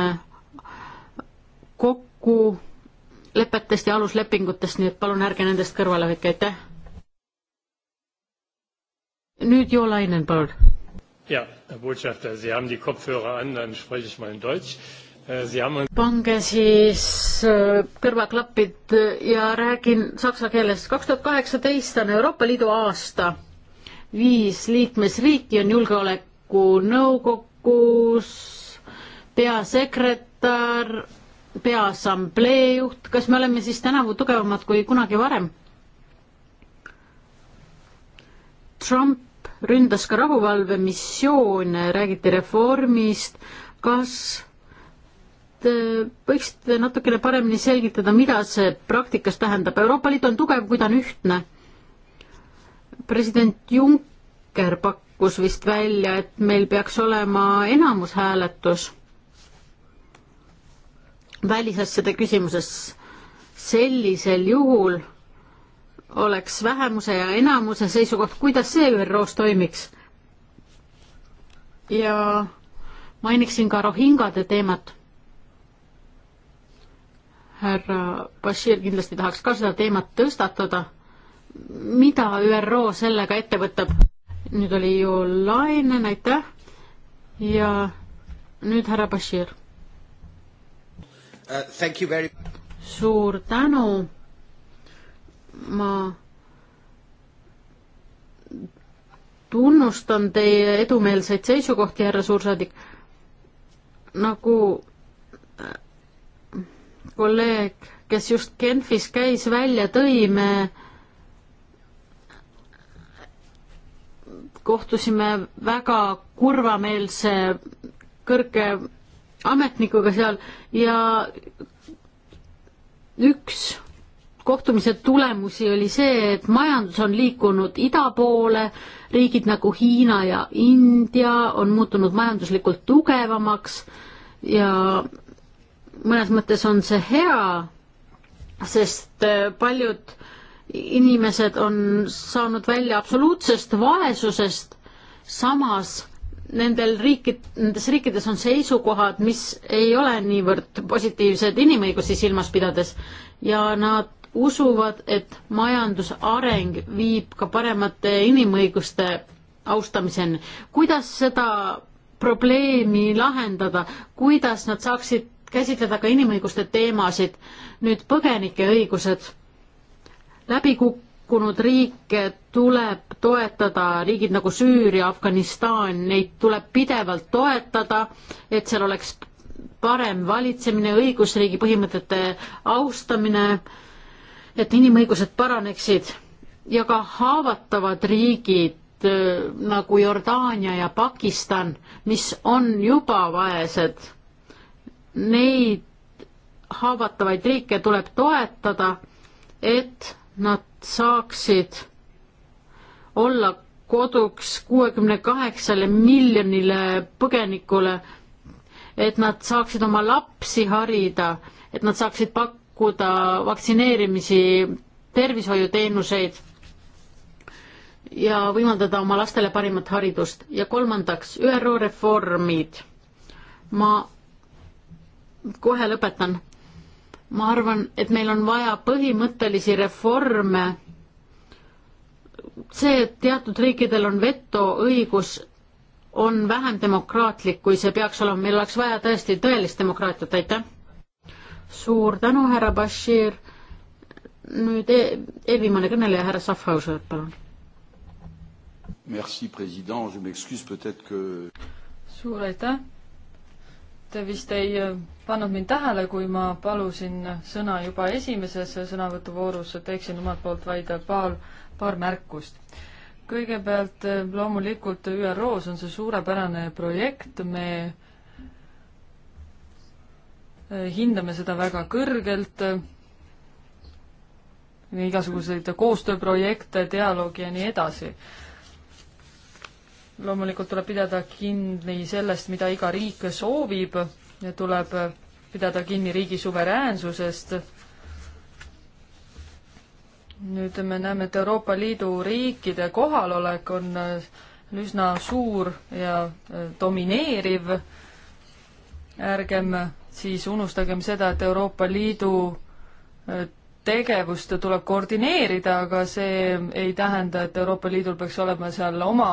kokkulepetest ja aluslepingutest, nii et palun ärge nendest kõrvale hoidke, aitäh. nüüd Jo Lainen, palun. Ja, Herr Botschafter, Sie haben die Kopfhörer an, dann spreche ich mal in Deutsch. Äh, Sie haben... pange siis äh, kõrvaklapid äh, ja räägin saksa keeles. kaks tuhat kaheksateist on Euroopa Liidu aasta. viis liikmesriiki on julgeolekunõukogus peasekretär peaassamblee juht, kas me oleme siis tänavu tugevamad kui kunagi varem? Trump ründas ka rahuvalvemissioone, räägiti reformist, kas te võiksite natukene paremini selgitada, mida see praktikas tähendab, Euroopa Liit on tugev, kui ta on ühtne. president Juncker pakkus vist välja, et meil peaks olema enamushääletus välisasjade küsimuses. sellisel juhul oleks vähemuse ja enamuse seisukoht, kuidas see ÜRO-s toimiks? ja mainiksin ka rohingade teemat. härra Bashir kindlasti tahaks ka seda teemat tõstatada. mida ÜRO sellega ette võtab? nüüd oli ju Laine, aitäh. ja nüüd härra Bashir uh, very... suur tänu. ma tunnustan teie edumeelseid seisukohti, härra suursaadik. nagu äh, kolleeg, kes just Genfis käis, välja tõi, me kohtusime väga kurvameelse kõrge ametnikuga seal ja üks kohtumise tulemusi oli see, et majandus on liikunud ida poole, riigid nagu Hiina ja India on muutunud majanduslikult tugevamaks ja mõnes mõttes on see hea, sest äh, paljud inimesed on saanud välja absoluutsest vaesusest, samas nendel riikid, nendes riikides on seisukohad, mis ei ole niivõrd positiivsed inimõigusi silmas pidades ja nad usuvad, et majandusareng viib ka paremate inimõiguste austamiseni. kuidas seda probleemi lahendada, kuidas nad saaksid käsitleda ka inimõiguste teemasid, nüüd põgenike õigused, läbikukk-, hukkunud riike tuleb toetada, riigid nagu Süüria, Afganistan, neid tuleb pidevalt toetada, et seal oleks parem valitsemine, õigusriigi põhimõtete austamine, et inimõigused paraneksid ja ka haavatavad riigid äh, nagu Jordaania ja Pakistan, mis on juba vaesed, neid haavatavaid riike tuleb toetada, et nad saaksid olla koduks kuuekümne kaheksale miljonile põgenikule, et nad saaksid oma lapsi harida, et nad saaksid pakkuda vaktsineerimisi, tervishoiuteenuseid ja võimaldada oma lastele parimat haridust. ja kolmandaks, ÜRO reformid. ma kohe lõpetan ma arvan, et meil on vaja põhimõttelisi reforme. see, et teatud riikidel on vetoõigus, on vähem demokraatlik, kui see peaks olema, meil oleks vaja tõesti tõelist demokraatiat, aitäh. suur tänu, härra Bashir. nüüd e-, eelviimane e kõneleja, härra Safhauser, palun. Merci, president, je m'excuse peut-être que. suur aitäh Te vist ei äh, pannud mind tähele, kui ma palusin sõna juba esimeses sõnavõtuvoorus, teeksin omalt poolt vaid paar, paar märkust. kõigepealt äh, loomulikult ÜRO-s on see suurepärane projekt, me äh, hindame seda väga kõrgelt, igasuguseid koostööprojekte, dialoogi ja nii edasi loomulikult tuleb pidada kinni sellest, mida iga riik soovib ja tuleb pidada kinni riigi suveräänsusest. nüüd me näeme, et Euroopa Liidu riikide kohalolek on äh, üsna suur ja äh, domineeriv. ärgem siis unustagem seda, et Euroopa Liidu et äh, tegevust tuleb koordineerida, aga see ei tähenda, et Euroopa Liidul peaks olema seal oma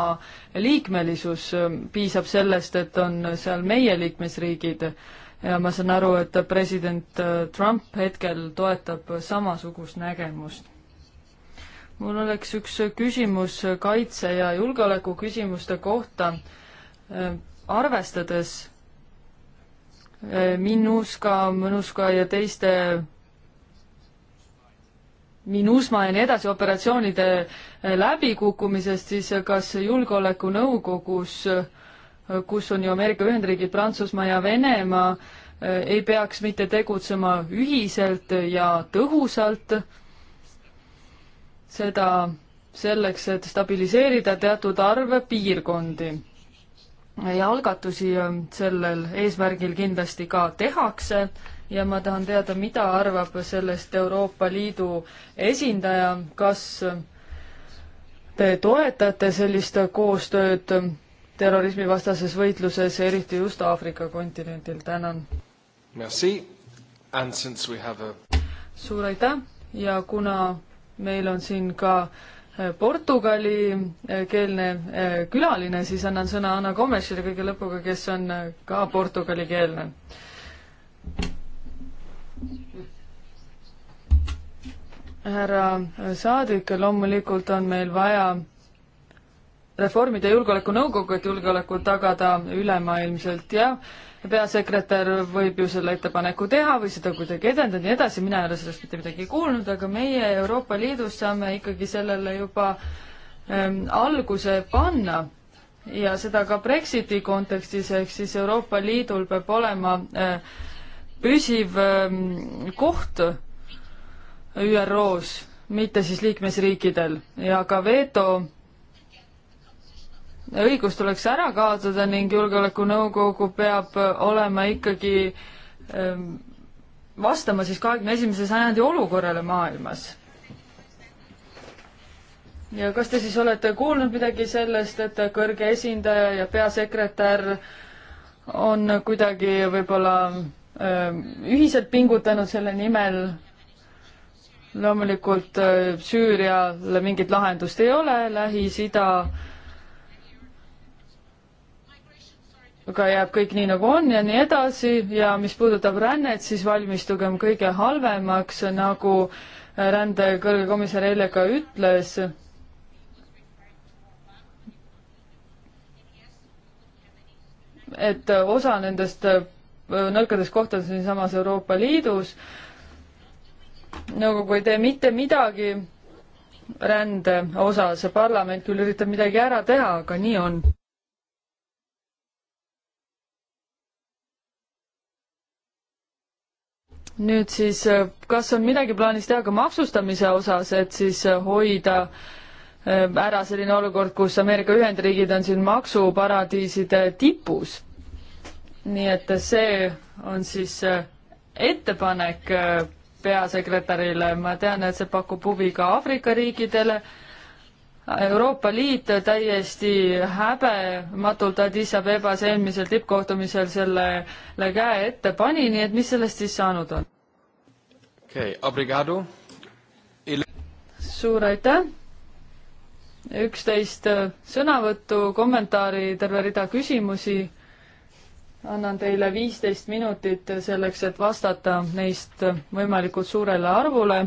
liikmelisus, piisab sellest, et on seal meie liikmesriigid ja ma saan aru, et president äh, Trump hetkel toetab samasugust nägemust. mul oleks üks küsimus kaitse- ja julgeoleku küsimuste kohta, äh, arvestades äh, Minuska, Mõnuska ja teiste Minusma ja nii edasi operatsioonide eh, läbikukkumisest, siis eh, kas Julgeolekunõukogus, eh, kus on ju Ameerika Ühendriigid, Prantsusmaa ja Venemaa, ei peaks mitte tegutsema ühiselt ja tõhusalt, seda selleks, et stabiliseerida teatud arve piirkondi. ja algatusi sellel eesmärgil kindlasti ka tehakse ja ma tahan teada, mida arvab sellest Euroopa Liidu esindaja, kas te toetate sellist koostööd terrorismivastases võitluses, eriti just Aafrika kontinentil, tänan. A... suur aitäh ja kuna meil on siin ka eh, portugalikeelne eh, eh, külaline, siis annan sõna Anna Gomesile kõige lõpuga, kes on ka portugalikeelne. härra saadik, loomulikult on meil vaja reformida Julgeolekunõukogu, et julgeolekut tagada ülemaailmselt ja peasekretär võib ju selle ettepaneku teha või seda kuidagi edendada ja nii edasi, mina ei ole sellest mitte midagi kuulnud, aga meie Euroopa Liidus saame ikkagi sellele juba ähm, alguse panna ja seda ka Brexiti kontekstis, ehk siis Euroopa Liidul peab olema äh, püsiv ähm, koht ÜRO-s, mitte siis liikmesriikidel ja ka veto õigus tuleks ära kaotada ning Julgeolekunõukogu peab olema ikkagi ähm, vastama siis kahekümne esimese sajandi olukorrale maailmas. ja kas te siis olete kuulnud midagi sellest, et kõrge esindaja ja peasekretär on kuidagi võib-olla ähm, ühiselt pingutanud selle nimel, loomulikult äh, Süüriale mingit lahendust ei ole, Lähis-Ida aga jääb kõik nii, nagu on ja nii edasi ja mis puudutab rännet, siis valmistugem kõige halvemaks, nagu äh, rände kõrge komisjon eile ka ütles. et osa nendest äh, nõrkadest kohtadest on siinsamas Euroopa Liidus nõukogu ei tee mitte midagi rände osas ja parlament küll üritab midagi ära teha, aga nii on. nüüd siis, kas on midagi plaanis teha ka maksustamise osas, et siis hoida äh, ära selline olukord, kus Ameerika Ühendriigid on siin maksuparadiiside tipus. nii et see on siis äh, ettepanek äh, peasekretärile, ma tean, et see pakub huvi ka Aafrika riikidele. Euroopa Liit täiesti häbematult Addis Abebas eelmisel tippkohtumisel sellele käe ette pani, nii et mis sellest siis saanud on? okei okay,, obrigado. suur aitäh. üksteist äh, sõnavõttu, kommentaari, terve rida küsimusi annan teile viisteist minutit selleks, et vastata neist võimalikult suurele arvule.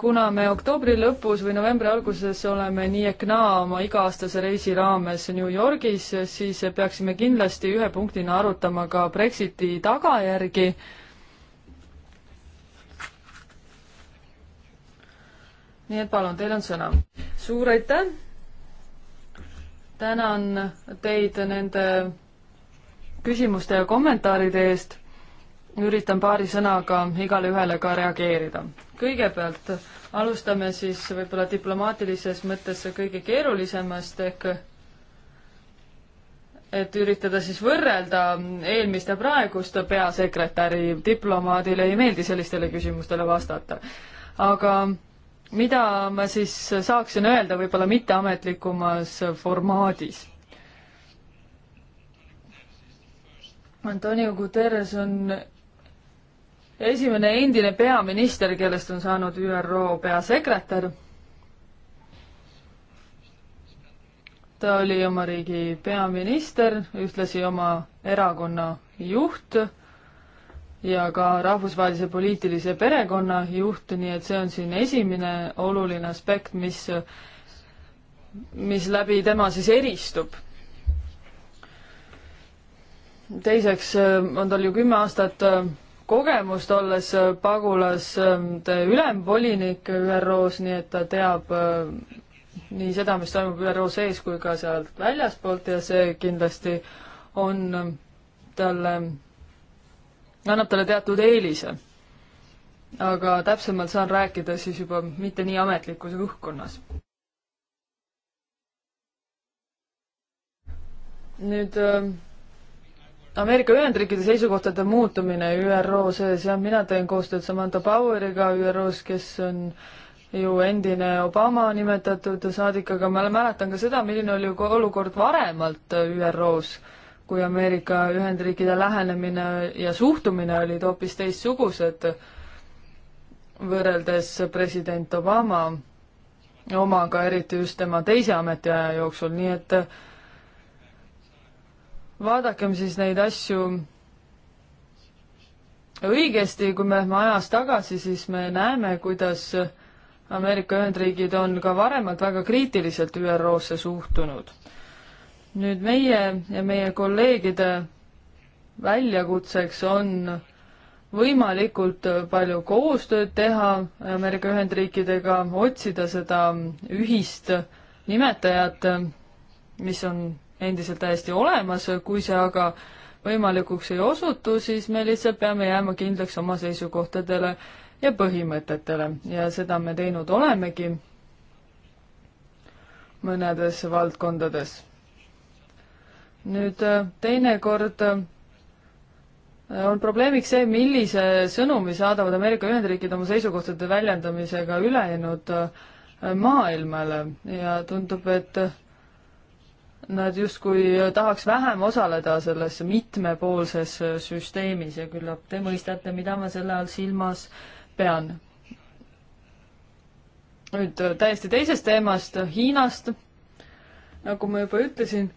kuna me oktoobri lõpus või novembri alguses oleme nii ehk naa oma iga-aastase reisi raames New Yorgis, siis peaksime kindlasti ühe punktina arutama ka Brexiti tagajärgi. nii et palun, teil on sõna. suur aitäh! tänan teid nende küsimuste ja kommentaaride eest. üritan paari sõnaga igale ühele ka reageerida. kõigepealt alustame siis võib-olla diplomaatilises mõttes kõige keerulisemast ehk et üritada siis võrrelda eelmist ja praegust peasekretäri, diplomaadile ei meeldi sellistele küsimustele vastata. aga mida ma siis saaksin öelda võib-olla mitteametlikumas formaadis? Antonio Guterres on esimene endine peaminister, kellest on saanud ÜRO peasekretär. ta oli oma riigi peaminister, ühtlasi oma erakonna juht ja ka rahvusvahelise poliitilise perekonna juht, nii et see on siin esimene oluline aspekt, mis, mis läbi tema siis eristub teiseks äh, on tal ju kümme aastat äh, kogemust, olles äh, pagulaste ülemvolinik ÜRO-s, nii et ta teab nii seda, mis toimub ÜRO sees kui ka sealt väljaspoolt ja see kindlasti on talle, annab talle teatud eelise. aga täpsemalt saan rääkida siis juba mitte nii ametlikus õhkkonnas. nüüd Ameerika Ühendriikide seisukohtade muutumine ÜRO sees, jah, mina teen koostööd Samantha Poweriga ÜRO-s, kes on ju endine Obama nimetatud saadik, aga ma mäletan ka seda, milline oli olukord varemalt ÜRO-s kui Ameerika Ühendriikide lähenemine ja suhtumine olid hoopis teistsugused võrreldes president Obama omaga, eriti just tema teise ametiaja jooksul, nii et vaadakem siis neid asju õigesti, kui me lähme ajas tagasi, siis me näeme, kuidas Ameerika Ühendriigid on ka varemalt väga kriitiliselt ÜRO-sse suhtunud. nüüd meie ja meie kolleegide väljakutseks on võimalikult palju koostööd teha Ameerika Ühendriikidega, otsida seda ühist nimetajat, mis on endiselt täiesti olemas, kui see aga võimalikuks ei osutu, siis me lihtsalt peame jääma kindlaks oma seisukohtadele ja põhimõtetele ja seda me teinud olemegi mõnedes valdkondades. nüüd äh, teinekord äh, on probleemiks see, millise sõnumi saadavad Ameerika Ühendriigid oma seisukohtade väljendamisega ülejäänud äh, maailmale ja tundub, et nad justkui tahaks vähem osaleda selles mitmepoolses süsteemis ja küllap te mõistate, mida ma selle all silmas pean. nüüd täiesti teisest teemast, Hiinast. nagu ma juba ütlesin,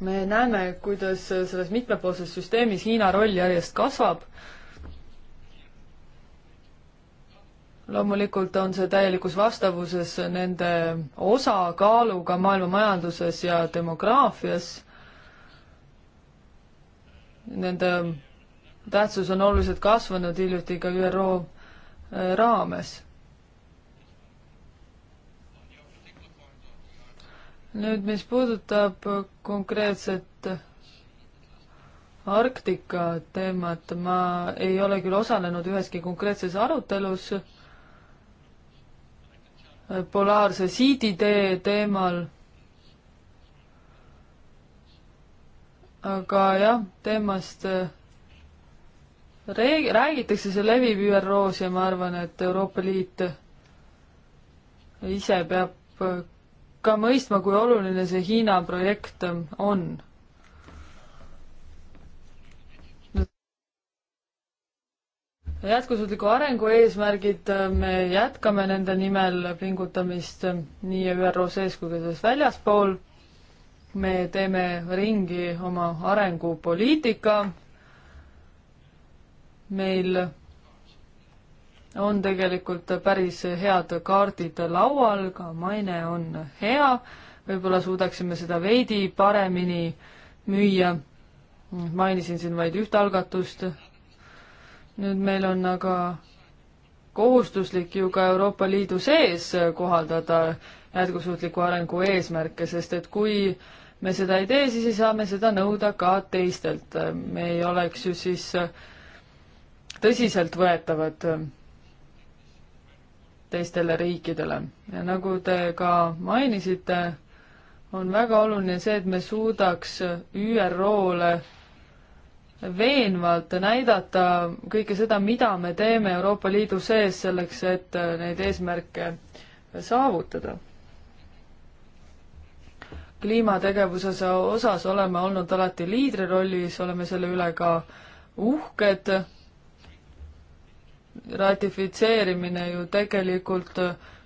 me näeme, kuidas selles mitmepoolses süsteemis Hiina roll järjest kasvab loomulikult on see täielikus vastavuses nende osakaaluga maailma majanduses ja demograafias. Nende tähtsus on oluliselt kasvanud hiljuti ka ÜRO eh, raames. nüüd, mis puudutab konkreetset Arktika teemat, ma ei ole küll osalenud üheski konkreetses arutelus polaarse siiditee teemal. aga jah, teemast äh, reeg-, räägitakse, see levib ÜRO-s ja ma arvan, et Euroopa Liit ise peab äh, ka mõistma, kui oluline see Hiina projekt ähm, on jätkusuutliku arengu eesmärgid, äh, me jätkame nende nimel pingutamist äh, nii ÜRO sees kui ka sellest väljaspool. me teeme ringi oma arengupoliitika. meil on tegelikult päris head kaardid laual, ka maine on hea, võib-olla suudaksime seda veidi paremini müüa. mainisin siin vaid ühte algatust, nüüd meil on aga kohustuslik ju ka Euroopa Liidu sees kohaldada jätkusuutliku arengu eesmärke, sest et kui me seda ei tee, siis ei saa me seda nõuda ka teistelt. me ei oleks ju siis tõsiseltvõetavad teistele riikidele. ja nagu te ka mainisite, on väga oluline see, et me suudaks ÜRO-le veenvalt näidata kõike seda, mida me teeme Euroopa Liidu sees selleks, et neid eesmärke saavutada. kliimategevuse osas oleme olnud alati liidrirollis, oleme selle üle ka uhked. ratifitseerimine ju tegelikult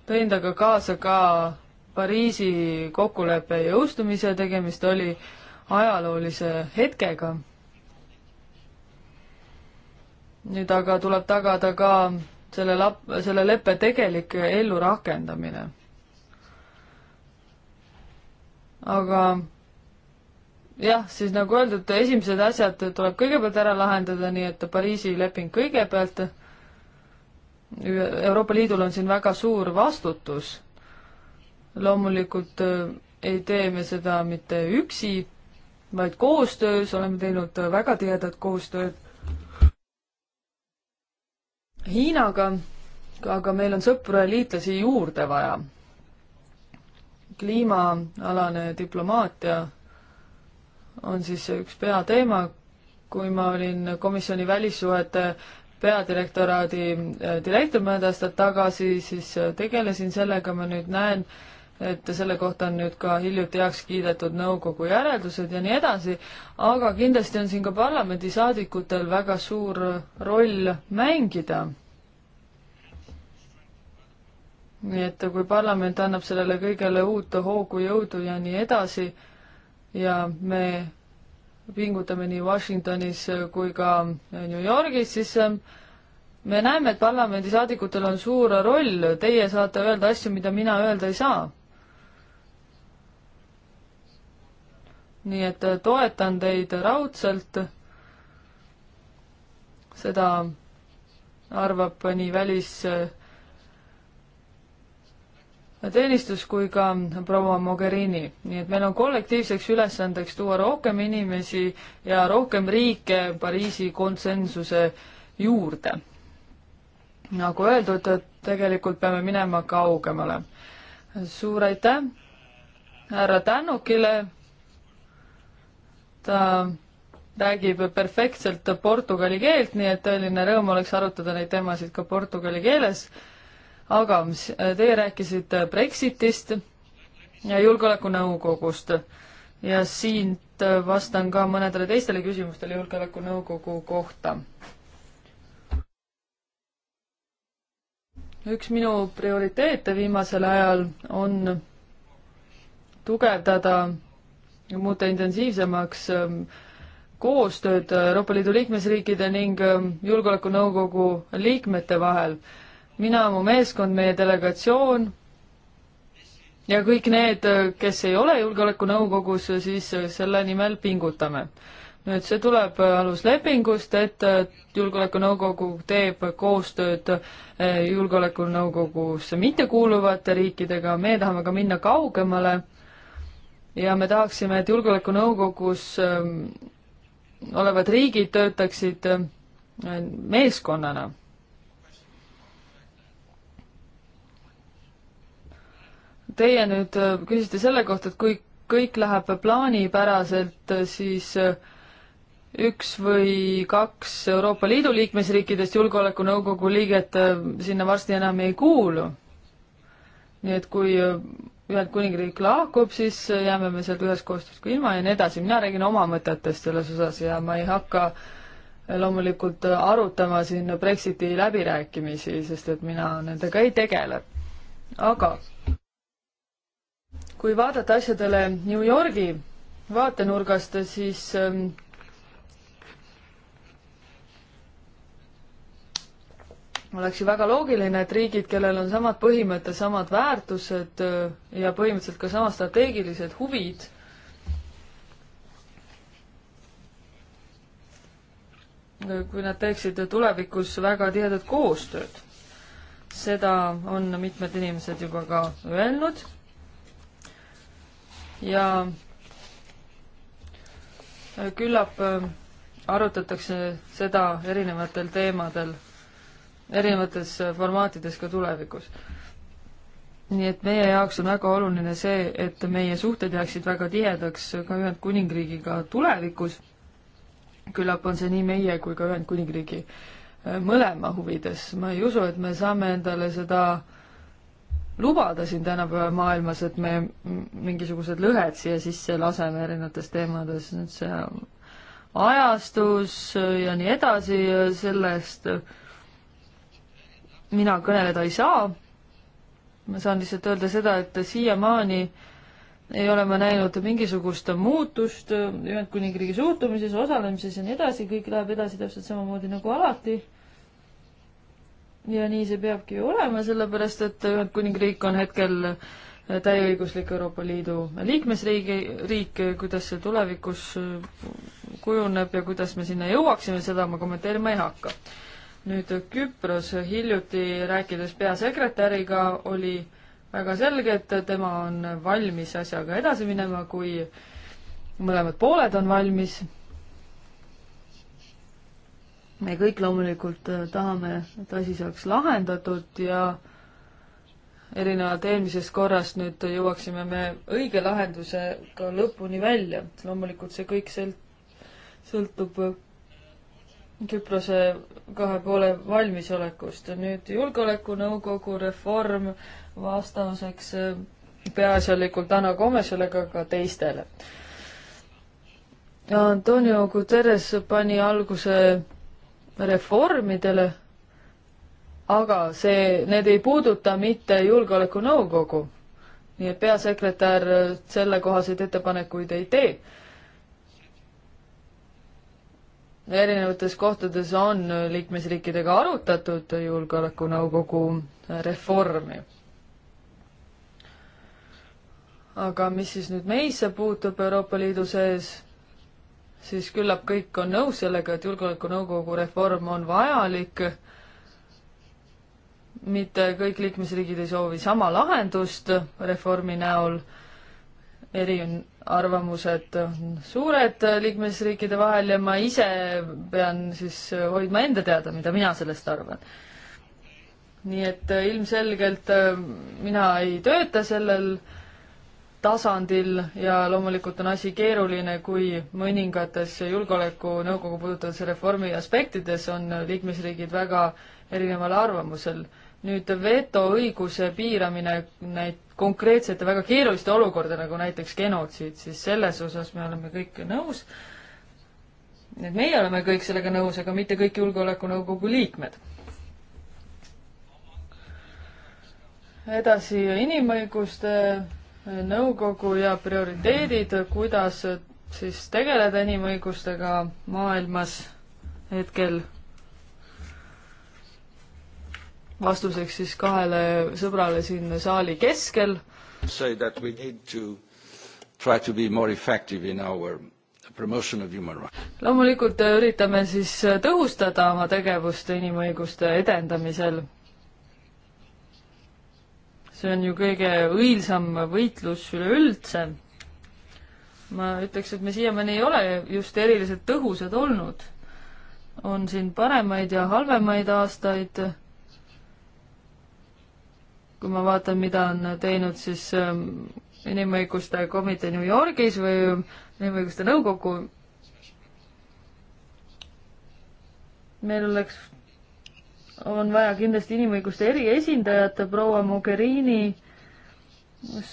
tõi endaga kaasa ka Pariisi kokkuleppe jõustumise, tegemist oli ajaloolise hetkega nüüd aga tuleb tagada ka selle lap-, selle leppe tegelik ellurakendamine. aga jah, siis nagu öeldud, esimesed asjad tuleb kõigepealt ära lahendada, nii et Pariisi leping kõigepealt. Euroopa Liidul on siin väga suur vastutus. loomulikult äh, ei tee me seda mitte üksi, vaid koostöös, oleme teinud väga tihedat koostööd Hiinaga, aga meil on sõpru ja liitlasi juurde vaja. kliimaalane diplomaatia on siis üks peateema, kui ma olin komisjoni välissuhete peadirektoraadi eh, direktor mõned aastad tagasi, siis eh, tegelesin sellega, ma nüüd näen, et selle kohta on nüüd ka hiljuti heaks kiidetud nõukogu järeldused ja nii edasi, aga kindlasti on siin ka parlamendisaadikutel väga suur roll mängida. nii et kui parlament annab sellele kõigele uut hoogu, jõudu ja nii edasi ja me pingutame nii Washingtonis kui ka New Yorgis, siis ähm, me näeme, et parlamendisaadikutel on suur roll, teie saate öelda asju, mida mina öelda ei saa nii et äh, toetan teid raudselt. seda arvab nii välisteenistus äh, kui ka proua Mogherini, nii et meil on kollektiivseks ülesandeks tuua rohkem inimesi ja rohkem riike Pariisi konsensuse juurde. nagu öeldud, tegelikult peame minema kaugemale. suur aitäh härra Tänukile ta äh, räägib perfektselt portugali keelt, nii et tõeline rõõm oleks arutada neid teemasid ka portugali keeles. aga äh, teie rääkisite Brexitist ja Julgeolekunõukogust ja siit äh, vastan ka mõnedele teistele küsimustele Julgeolekunõukogu kohta. üks minu prioriteete viimasel ajal on tugevdada muuta intensiivsemaks ähm, koostööd Euroopa Liidu liikmesriikide ning ähm, Julgeolekunõukogu liikmete vahel. mina, mu meeskond, meie delegatsioon ja kõik need, äh, kes ei ole Julgeolekunõukogus, äh, siis äh, selle nimel pingutame. nüüd see tuleb aluslepingust, et Julgeolekunõukogu teeb koostööd Julgeolekunõukogusse mittekuuluvate riikidega, me tahame ka minna kaugemale ja me tahaksime, et Julgeolekunõukogus ähm, olevad riigid töötaksid ähm, meeskonnana. Teie nüüd äh, küsisite selle kohta, et kui kõik läheb plaanipäraselt, äh, siis äh, üks või kaks Euroopa Liidu liikmesriikidest Julgeolekunõukogu liiget sinna varsti enam ei kuulu. nii et kui Ühendkuningriik lahkub, siis jääme me sealt ühest koostööst ka ilma ja nii edasi, mina räägin oma mõtetest selles osas ja ma ei hakka loomulikult arutama siin Brexiti läbirääkimisi, sest et mina nendega ei tegele. aga kui vaadata asjadele New Yorgi vaatenurgast, siis ähm, oleks ju väga loogiline, et riigid, kellel on samad põhimõtted, samad väärtused äh, ja põhimõtteliselt ka samad strateegilised huvid, äh, kui nad teeksid tulevikus väga tihedat koostööd. seda on mitmed inimesed juba ka öelnud ja äh, küllap arutatakse seda erinevatel teemadel erinevates äh, formaatides ka tulevikus. nii et meie jaoks on väga oluline see, et meie suhted jääksid väga tihedaks ka Ühendkuningriigiga tulevikus. küllap on see nii meie kui ka Ühendkuningriigi äh, mõlema huvides. ma ei usu, et me saame endale seda lubada siin tänapäeva maailmas, et me mingisugused lõhed siia sisse laseme erinevates teemades, nüüd see äh, ajastus ja nii edasi, sellest äh, mina kõneleda ei saa. ma saan lihtsalt öelda seda, et siiamaani ei ole ma näinud mingisugust muutust Ühendkuningriigi suhtumises, osalemises ja nii edasi, kõik läheb edasi täpselt samamoodi nagu alati. ja nii see peabki olema, sellepärast et Ühendkuningriik on hetkel täieõiguslik Euroopa Liidu liikmesriigi, riik, kuidas see tulevikus kujuneb ja kuidas me sinna jõuaksime, seda ma kommenteerima ei hakka nüüd Küpros hiljuti rääkides peasekretäriga oli väga selge, et tema on valmis asjaga edasi minema, kui mõlemad pooled on valmis. me kõik loomulikult äh, tahame, et asi saaks lahendatud ja erinevalt eelmisest korrast nüüd jõuaksime me õige lahendusega lõpuni välja. loomulikult see kõik sõlt-, sõltub Küprose kahe poole valmisolekust. nüüd Julgeolekunõukogu reform vastaseks äh, peaasjalikult Anna Gomesele, aga ka teistele. Antonio Guterres pani alguse reformidele, aga see, need ei puuduta mitte Julgeolekunõukogu. nii et peasekretär äh, sellekohaseid ettepanekuid ei tee erinevates kohtades on liikmesriikidega arutatud Julgeolekunõukogu reformi. aga mis siis nüüd meisse puutub Euroopa Liidu sees, siis küllap kõik on nõus sellega, et Julgeolekunõukogu reform on vajalik, mitte kõik liikmesriigid ei soovi sama lahendust reformi näol, eri, arvamused suured liikmesriikide vahel ja ma ise pean siis hoidma enda teada, mida mina sellest arvan. nii et äh, ilmselgelt äh, mina ei tööta sellel tasandil ja loomulikult on asi keeruline, kui mõningates Julgeolekunõukogu puudutavates reformi aspektides on liikmesriigid väga erineval arvamusel nüüd vetoõiguse piiramine neid konkreetsete väga keeruliste olukorda, nagu näiteks genotsiid, siis selles osas me oleme kõik nõus. et meie oleme kõik sellega nõus, aga mitte kõik Julgeolekunõukogu liikmed. edasi Inimõiguste Nõukogu ja prioriteedid, kuidas siis tegeleda inimõigustega maailmas hetkel vastuseks siis kahele sõbrale siin saali keskel. Say that we need to try to be more effective in our promotion of human rights. loomulikult äh, üritame siis äh, tõhustada oma tegevust inimõiguste edendamisel. see on ju kõige õilsam võitlus üleüldse. ma ütleks, et me siiamaani ei ole just eriliselt tõhusad olnud. on siin paremaid ja halvemaid aastaid kui ma vaatan, mida on teinud siis ähm, inimõiguste komitee New Yorgis või ähm, inimõiguste nõukogu, meil oleks, on vaja kindlasti inimõiguste eriesindajat, proua Mogherini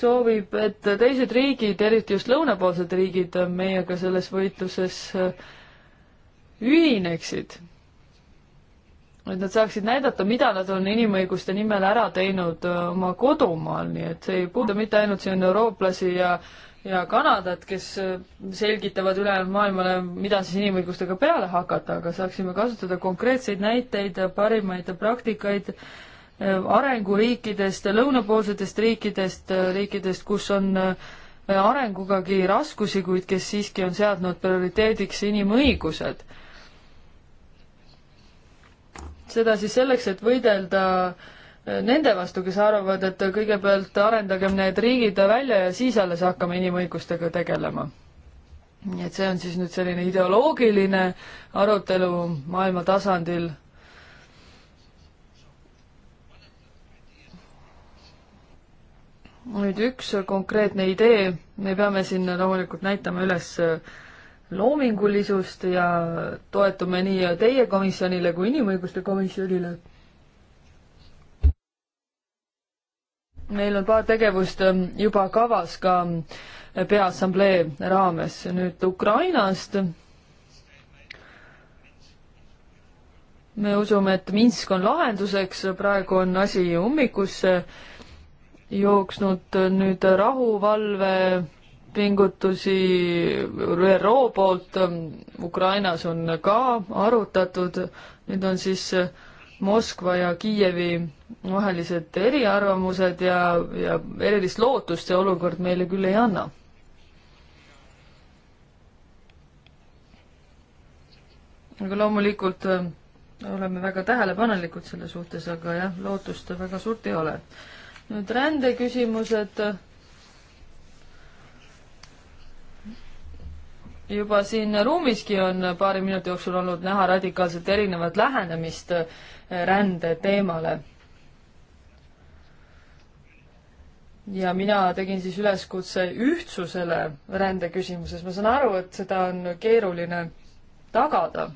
soovib, et teised riigid, eriti just lõunapoolsed riigid, meiega selles võitluses äh, ühineksid et nad saaksid näidata, mida nad on inimõiguste nimel ära teinud äh, oma kodumaal, nii et see ei puuduta mitte ainult siin eurooplasi ja ja Kanadat, kes äh, selgitavad ülejäänud maailmale, mida siis inimõigustega peale hakata, aga saaksime kasutada konkreetseid näiteid, parimaid praktikaid äh, arenguriikidest, lõunapoolsetest riikidest, riikidest, kus on arengugagi raskusi, kuid kes siiski on seadnud prioriteediks inimõigused seda siis selleks, et võidelda äh, nende vastu, kes arvavad, et kõigepealt arendagem need riigid välja ja siis alles hakkame inimõigustega tegelema. nii et see on siis nüüd selline ideoloogiline arutelu maailma tasandil. nüüd üks konkreetne idee, me peame siin loomulikult näitama üles äh, loomingulisust ja toetume nii teie komisjonile kui inimõiguste komisjonile. meil on paar tegevust juba kavas ka Peaassamblee raames. nüüd Ukrainast. me usume, et Minsk on lahenduseks, praegu on asi ummikusse jooksnud, nüüd rahuvalve pingutusi ÜRO poolt, ähm, Ukrainas on ka arutatud, nüüd on siis äh, Moskva ja Kiievi vahelised eriarvamused ja, ja erilist lootust see olukord meile küll ei anna. aga loomulikult äh, oleme väga tähelepanelikud selle suhtes, aga jah, lootust väga suurt ei ole. nüüd rändeküsimused juba siin ruumiski on paari minuti jooksul olnud näha radikaalselt erinevat lähenemist äh, rände teemale. ja mina tegin siis üleskutse ühtsusele rände küsimuses, ma saan aru, et seda on keeruline tagada.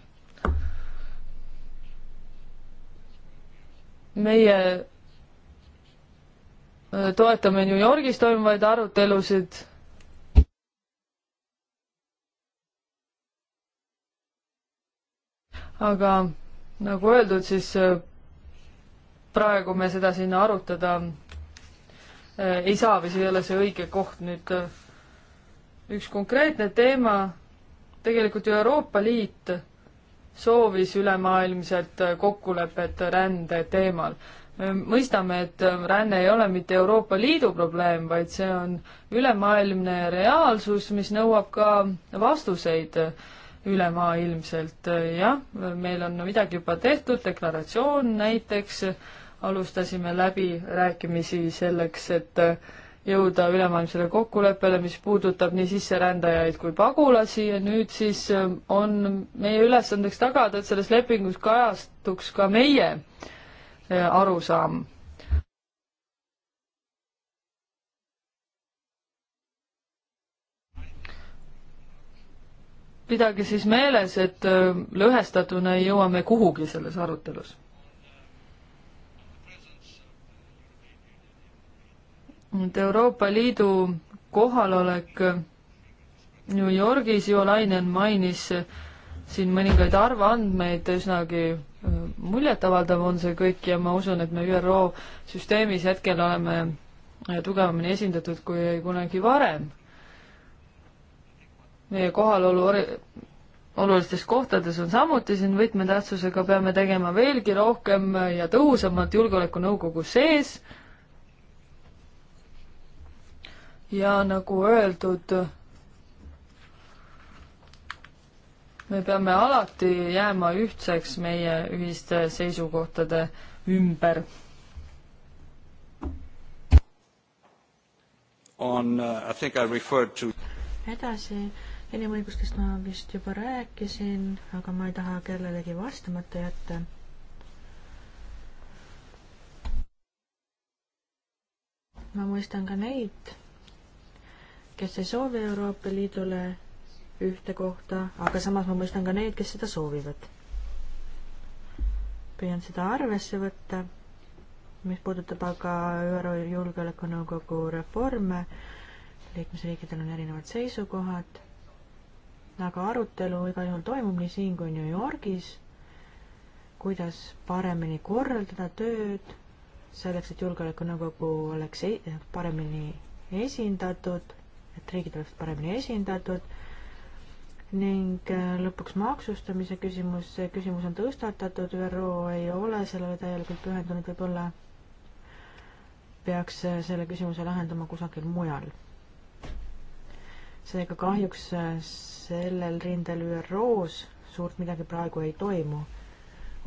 meie äh, toetame New Yorgis toimuvaid arutelusid aga nagu öeldud, siis äh, praegu me seda siin arutada äh, ei saa või see ei ole see õige koht nüüd. Äh, üks konkreetne teema, tegelikult ju Euroopa Liit soovis ülemaailmselt kokkulepet rände teemal. mõistame, et ränne ei ole mitte Euroopa Liidu probleem, vaid see on ülemaailmne reaalsus, mis nõuab ka vastuseid ülemaailmselt, äh, jah, meil on midagi juba tehtud, deklaratsioon näiteks, alustasime läbirääkimisi selleks, et äh, jõuda ülemaailmsele kokkuleppele, mis puudutab nii sisserändajaid kui pagulasi ja nüüd siis äh, on meie ülesandeks tagada, et selles lepingus kajastuks ka meie arusaam pidage siis meeles, et äh, lõhestatuna ei jõua me kuhugi selles arutelus. et Euroopa Liidu kohalolek äh, New Yorgis, Jo Lainen mainis äh, siin mõningaid arvandmeid, üsnagi muljetavaldav on see kõik ja ma usun, et me ÜRO süsteemis hetkel oleme tugevamini esindatud kui kunagi varem meie kohalolu olulistes kohtades on samuti siin võtmetähtsusega, peame tegema veelgi rohkem ja tõhusamat Julgeolekunõukogu sees. ja nagu öeldud, me peame alati jääma ühtseks meie ühiste seisukohtade ümber. on uh,, I think I referred to edasi inimõigustest ma vist juba rääkisin, aga ma ei taha kellelegi vastamata jätta. ma mõistan ka neid, kes ei soovi Euroopa Liidule ühte kohta, aga samas ma mõistan ka neid, kes seda soovivad. püüan seda arvesse võtta, mis puudutab aga ÜRO Julgeolekunõukogu reforme, liikmesriikidel on erinevad seisukohad aga arutelu igal juhul toimub nii siin kui New Yorgis, kuidas paremini korraldada tööd selleks, et Julgeolekunõukogu oleks e-, paremini esindatud, et riigid oleks paremini esindatud ning äh, lõpuks maksustamise küsimus, see küsimus on tõstatatud, ÜRO ei ole sellele täielikult pühendunud, võib-olla peaks äh, selle küsimuse lahendama kusagil mujal seega kahjuks äh, sellel rindel ÜRO-s suurt midagi praegu ei toimu.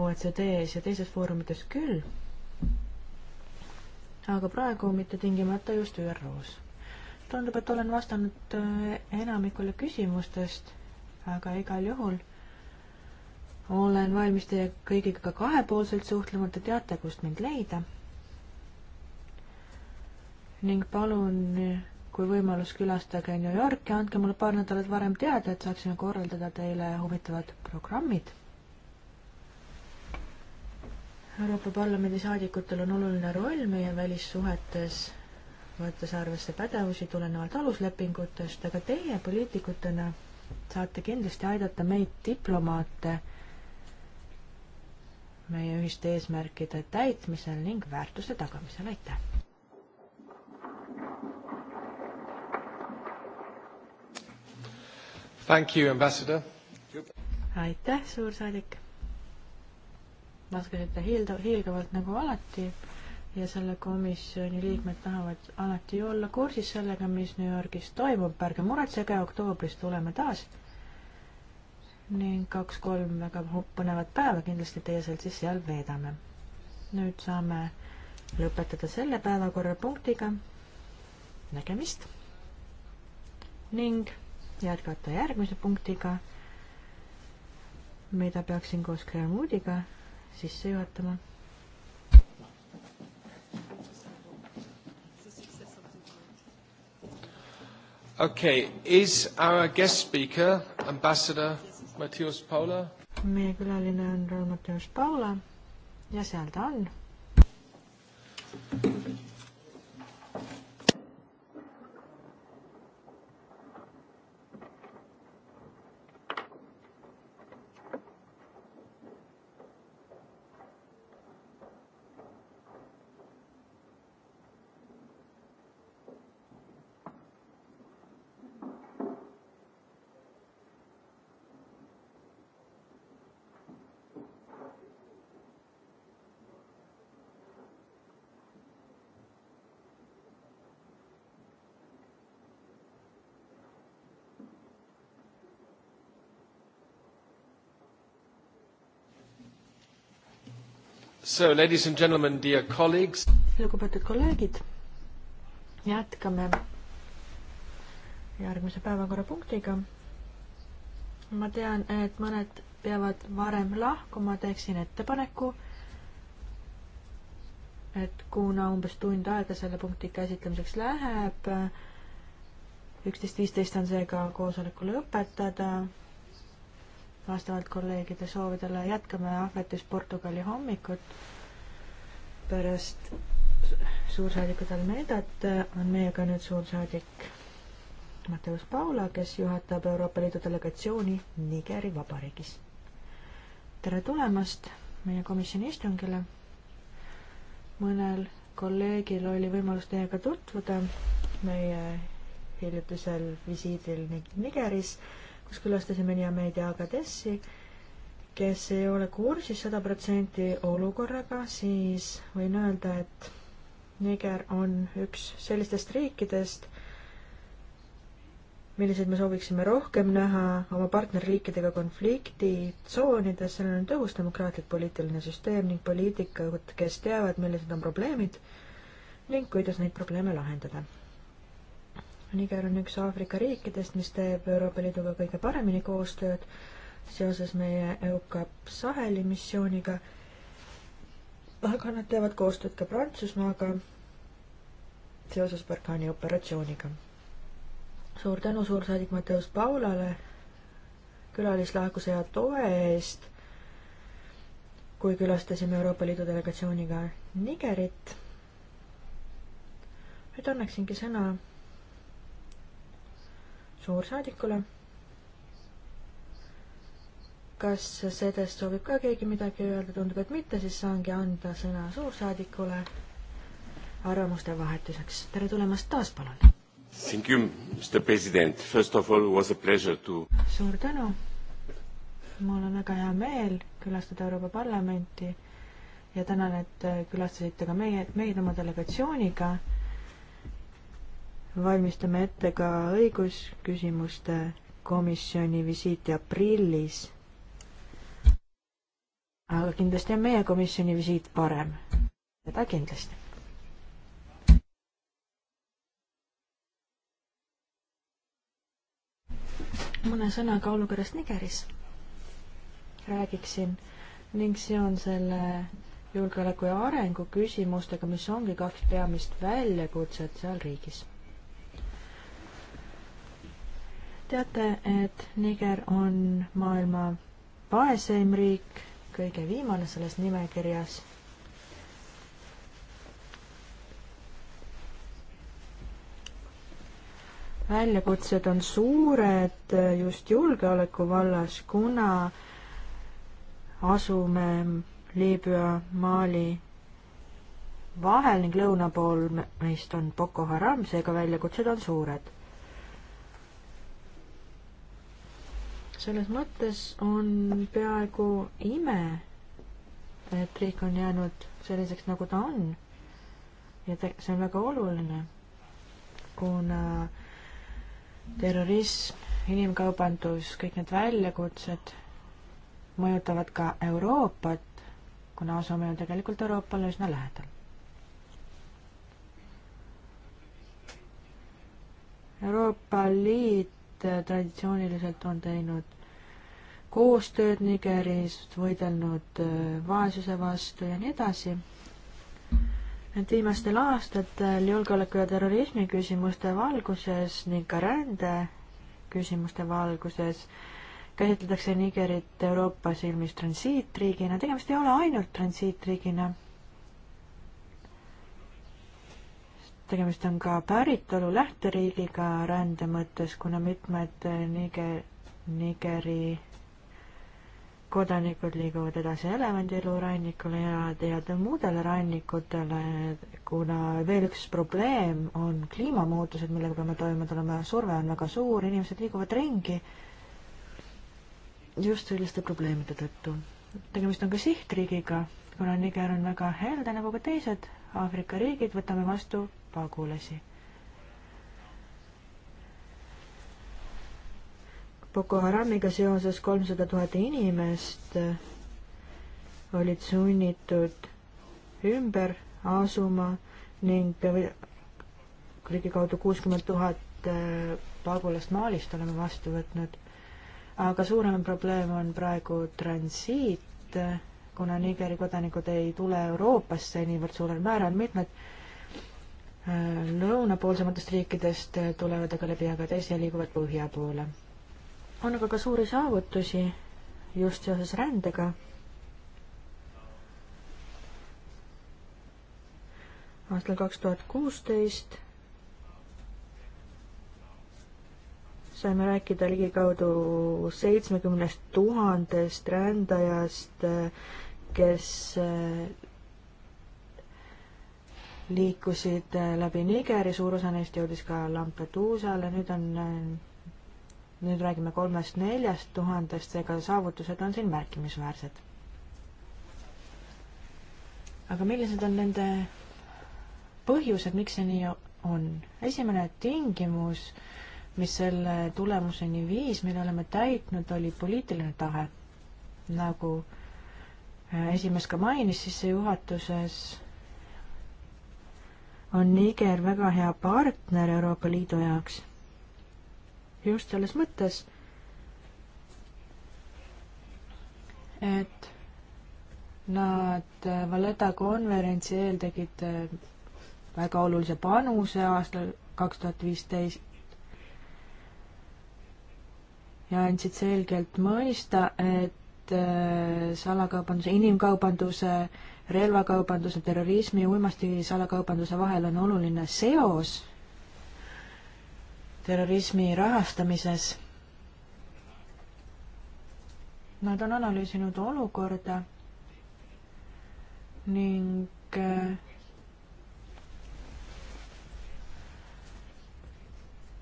OECD-s ja teises foorumites küll, aga praegu mitte tingimata just ÜRO-s. tundub, et olen vastanud äh, enamikule küsimustest, aga igal juhul olen valmis teie kõigiga ka kahepoolselt suhtlema, te teate, kust mind leida. ning palun kui võimalus, külastage New Yorki, andke mulle paar nädalat varem teada, et saaksime korraldada teile huvitavad programmid. Euroopa Parlamendi saadikutel on oluline roll meie välissuhetes, võttes arvesse pädevusi tulenevalt aluslepingutest, aga teie poliitikutena saate kindlasti aidata meid, diplomaate, meie ühiste eesmärkide täitmisel ning väärtuste tagamisel, aitäh! Thank you, ambassador. aitäh, suursaadik. laske seda hiilda, hiilgavalt nagu alati ja selle komisjoni liikmed tahavad alati olla kursis sellega, mis New Yorgis toimub, ärge muretsege, oktoobris tuleme taas. ning kaks-kolm väga põnevat päeva kindlasti teie seltsis seal veedame. nüüd saame lõpetada selle päevakorrapunktiga. nägemist. ning jätkata järgmise punktiga, mida peaksin koos Kreamuudiga sisse juhatama. Okay, is our guest speaker ambassador Matthias Paula? meie külaline on Raul Matthias Paula ja seal ta on. So, ladies and gentlemen, dear colleagues. lugupeetud kolleegid, jätkame järgmise päevakorrapunktiga. ma tean, et mõned peavad varem lahkuma, teeksin ettepaneku, et kuna umbes tund aega selle punkti käsitlemiseks läheb, üksteist viisteist on seega koosoleku lõpetada vastavalt kolleegide soovidele jätkame ahvetis Portugali hommikut. pärast suursaadikut Almedat on meiega nüüd suursaadik Mateus Paula, kes juhatab Euroopa Liidu delegatsiooni Nigeri Vabariigis. tere tulemast meie komisjoni istungile. mõnel kolleegil oli võimalus teiega tutvuda meie hiljutisel visiidil Nigeris kus külastasime Niamedia Agadessi, kes ei ole kursis sada protsenti olukorraga, siis võin öelda, et Niger on üks sellistest riikidest, milliseid me sooviksime rohkem näha oma partnerriikidega konfliktitsoonides, sellel on tõhus demokraatlik poliitiline süsteem ning poliitikud, kes teavad, millised on probleemid ning kuidas neid probleeme lahendada. Niger on üks Aafrika riikidest, mis teeb Euroopa Liiduga kõige paremini koostööd seoses meie EUCAP Saheli missiooniga. aga nad teevad koostööd ka Prantsusmaaga seoses Barkhani operatsiooniga. suur tänu suursaadik Mateus Paulale külalislaekuse ja toe eest, kui külastasime Euroopa Liidu delegatsiooniga Nigerit. nüüd annaksingi sõna suursaadikule. kas sellest soovib ka keegi midagi öelda, tundub, et mitte, siis saangi anda sõna suursaadikule arvamuste vahetuseks. tere tulemast taas, palun! Thank you, Mr President, first of all was a pleasure to suur tänu! mul on väga hea meel külastada Euroopa Parlamenti ja tänan, et külastasite ka meie, meid oma delegatsiooniga valmistame ette ka õigusküsimuste komisjoni visiiti aprillis. aga kindlasti on meie komisjoni visiit parem, seda kindlasti. mõne sõnaga olukorrast Nigeris räägiksin ning seon selle julgeoleku ja arengu küsimustega, mis ongi kaks peamist väljakutset seal riigis teate, et Niger on maailma vaeseim riik, kõige viimane selles nimekirjas. väljakutsed on suured just julgeoleku vallas, kuna asume Liibüa, Mali vahel ning lõuna pool meist on Boko Haram, seega väljakutsed on suured selles mõttes on peaaegu ime, et riik on jäänud selliseks, nagu ta on. ja te-, see on väga oluline, kuna terrorism, inimkaubandus, kõik need väljakutsed mõjutavad ka Euroopat, kuna asume ju tegelikult Euroopale üsna lähedal. Euroopa Liit Äh, traditsiooniliselt on teinud koostööd Nigeris, võidelnud äh, vaesuse vastu ja nii edasi. et viimastel aastatel julgeoleku ja terrorismi küsimuste valguses ning ka rände küsimuste valguses käsitletakse Nigerit Euroopa silmis transiitriigina, tegemist ei ole ainult transiitriigina tegemist on ka päritolu lähteriigiga rände mõttes, kuna mitmed Niger, Nigeri kodanikud liiguvad edasi Elevandilu rannikule ja teadel muudele rannikutele, kuna veel üks probleem on kliimamuutused, millega peame toime tulema, surve on väga suur, inimesed liiguvad ringi just selliste probleemide tõttu. tegemist on ka sihtriigiga, kuna Niger on väga helde nagu ka teised Aafrika riigid, võtame vastu pagulasi. Boko Haramiga seoses kolmsada tuhat inimest eh, olid sunnitud ümber asuma ning ligikaudu eh, kuuskümmend tuhat eh, pagulast Malist oleme vastu võtnud. aga suurem probleem on praegu transiit, kuna Nigeri kodanikud ei tule Euroopasse niivõrd suurel määral, mitmed lõunapoolsematest riikidest tulevad aga läbi Agades ja liiguvad põhja poole. on aga ka suuri saavutusi just seoses rändega. aastal kaks tuhat kuusteist saime rääkida ligikaudu seitsmekümnest tuhandest rändajast, kes liikusid äh, läbi Nigeri, suur osa neist jõudis ka Lampeduusale, nüüd on, äh, nüüd räägime kolmest-neljast tuhandest, seega saavutused on siin märkimisväärsed. aga millised on nende põhjused, miks see nii on? esimene tingimus, mis selle tulemuseni viis, mille oleme täitnud, oli poliitiline tahe. nagu äh, esimees ka mainis sissejuhatuses on Niger väga hea partner Euroopa Liidu jaoks. just selles mõttes, et nad Valeta konverentsi eel tegid äh, väga olulise panuse aastal kaks tuhat viisteist ja andsid selgelt mõista, et Äh, salakaubanduse, inimkaubanduse, relvakaubanduse, terrorismi, uimasti salakaubanduse vahel on oluline seos terrorismi rahastamises. Nad on analüüsinud olukorda ning äh,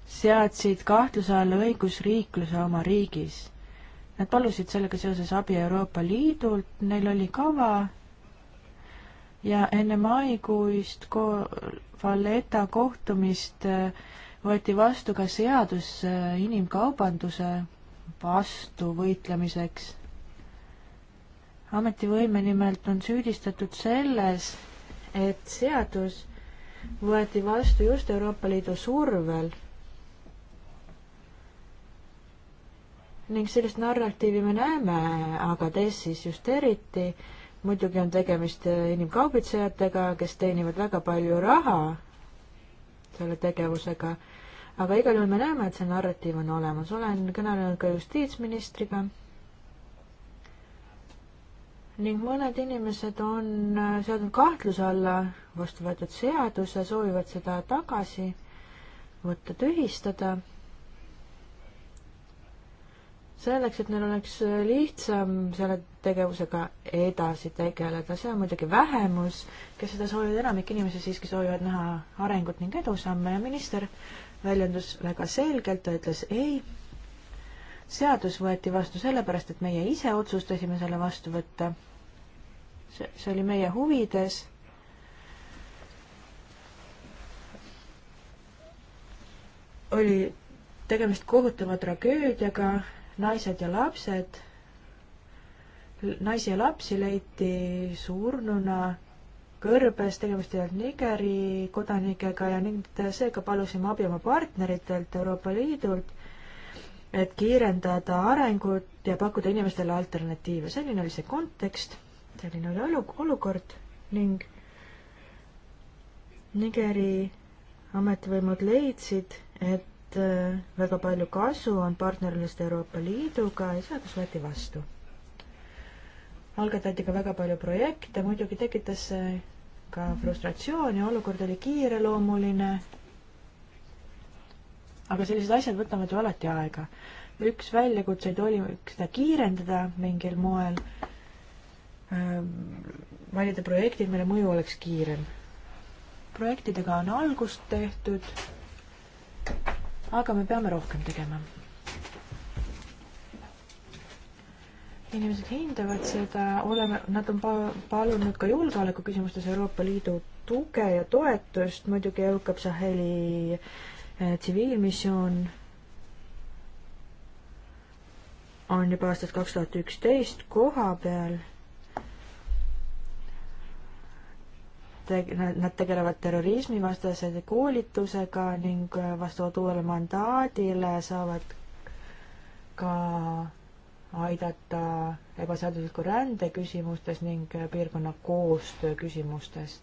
seadsid kahtluse alla õigusriikluse oma riigis Nad palusid sellega seoses abi Euroopa Liidult, neil oli kava ja enne maikuist ko-, Valletta kohtumist äh, võeti vastu ka seadus äh, inimkaubanduse vastu võitlemiseks. ametivõime nimelt on süüdistatud selles, et seadus võeti vastu just Euroopa Liidu survel ning sellist narratiivi me näeme, aga Eestis just eriti, muidugi on tegemist äh, inimkaubitsejatega, kes teenivad väga palju raha selle tegevusega, aga igal juhul me näeme, et see narratiiv on olemas, olen kõnelenud ka justiitsministriga ning mõned inimesed on äh, seadnud kahtluse alla vastu võetud seaduse, soovivad seda tagasi võtta, tühistada selleks, et neil oleks lihtsam selle tegevusega edasi tegeleda, see on muidugi vähemus, kes seda soovivad, enamik inimesi siiski soovivad näha arengut ning edusamme ja minister väljendus väga selgelt, ta ütles ei. seadus võeti vastu sellepärast, et meie ise otsustasime selle vastu võtta. see, see oli meie huvides oli tegemist kohutava tragöödiaga, naised ja lapsed, naisi ja lapsi leiti surnuna kõrbes, tegemist ei olnud Nigeri kodanikega ja ning seega palusime abi oma partneritelt Euroopa Liidult, et kiirendada arengut ja pakkuda inimestele alternatiive. selline oli see kontekst, selline oli olu-, olukord ning Nigeri ametivõimud leidsid, et et äh, väga palju kasu on partnerlust Euroopa Liiduga ja seadus võeti vastu. algatati ka väga palju projekte, muidugi tekitas see ka frustratsiooni, olukord oli kiireloomuline. aga sellised asjad võtavad ju alati aega. üks väljakutseid oli seda kiirendada mingil moel, ähm, valida projektid, mille mõju oleks kiirem projektidega on algust tehtud aga me peame rohkem tegema. inimesed hindavad seda, oleme, nad on pa-, palunud ka julgeolekuküsimustes Euroopa Liidu tuge ja toetust, muidugi EUCAP Saheli eh, tsiviilmissioon eh, on juba aastast kaks tuhat üksteist koha peal te-, nad tegelevad terrorismivastase koolitusega ning äh, vastavalt uuele mandaadile saavad ka aidata ebaseadusliku rände küsimustes ning äh, piirkonna koostöö küsimustes.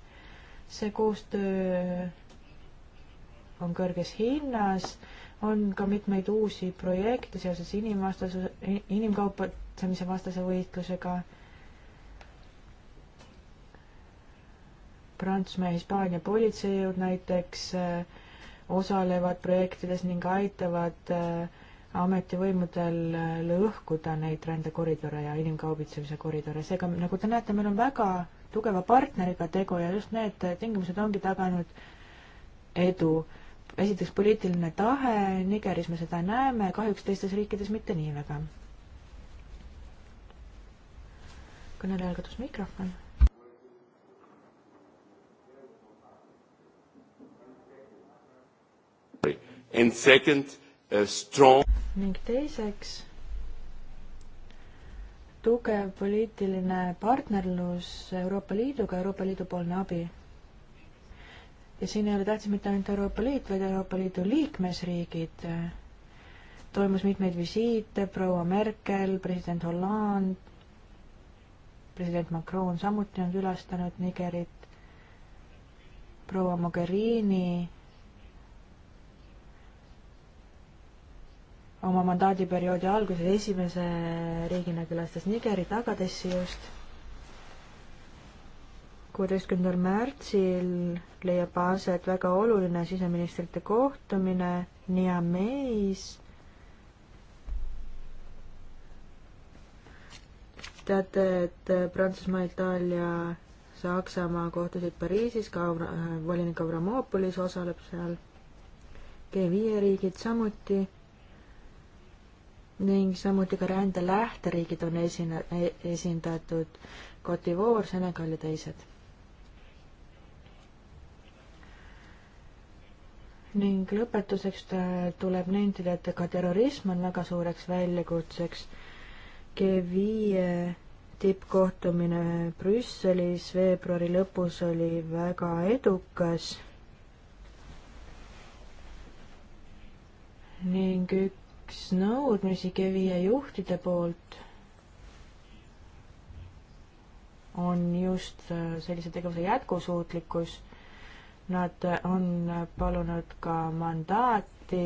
see koostöö on kõrges hinnas, on ka mitmeid uusi projekte seoses inimvastasuse, inimkaupatsemise vastase võitlusega Prantsusmaa ja Hispaania politseijõud näiteks äh, osalevad projektides ning aitavad äh, ametivõimudel äh, lõhkuda neid rändekoridore ja inimkaubitsemise koridore. seega, nagu te näete, meil on väga tugeva partneriga tegu ja just need tingimused ongi taganud edu. esiteks poliitiline tahe, Nigeris me seda näeme, kahjuks teistes riikides mitte nii väga. kõnelejal kadus mikrofon and second, a strong ning teiseks, tugev poliitiline partnerlus Euroopa Liiduga, Euroopa Liidu poolne abi. ja siin ei ole tähtis mitte ainult Euroopa Liit, vaid Euroopa Liidu liikmesriigid. toimus mitmeid visiite, proua Merkel, president Hollande, president Macron samuti on külastanud Nigerit, proua Mogherini oma mandaadiperioodi alguses esimese riigina külastas Nigerit Agadessi just. kuueteistkümnendal märtsil leiab aset väga oluline siseministrite kohtumine Niameis. teate, et Prantsusmaa, Itaalia, Saksamaa kohtusid Pariisis, ka äh, volinik Avramopolis osaleb seal. G5 riigid samuti ning samuti ka rände lähteriigid on esine-, e-, esindatud, Cote d'Ivoire, Senegal ja teised. ning lõpetuseks tuleb nentida, et ka terrorism on väga suureks väljakutseks. G5 tippkohtumine Brüsselis veebruari lõpus oli väga edukas ning üks üks nõudmisi Kevie juhtide poolt on just äh, sellise tegevuse jätkusuutlikkus. Nad äh, on äh, palunud ka mandaati,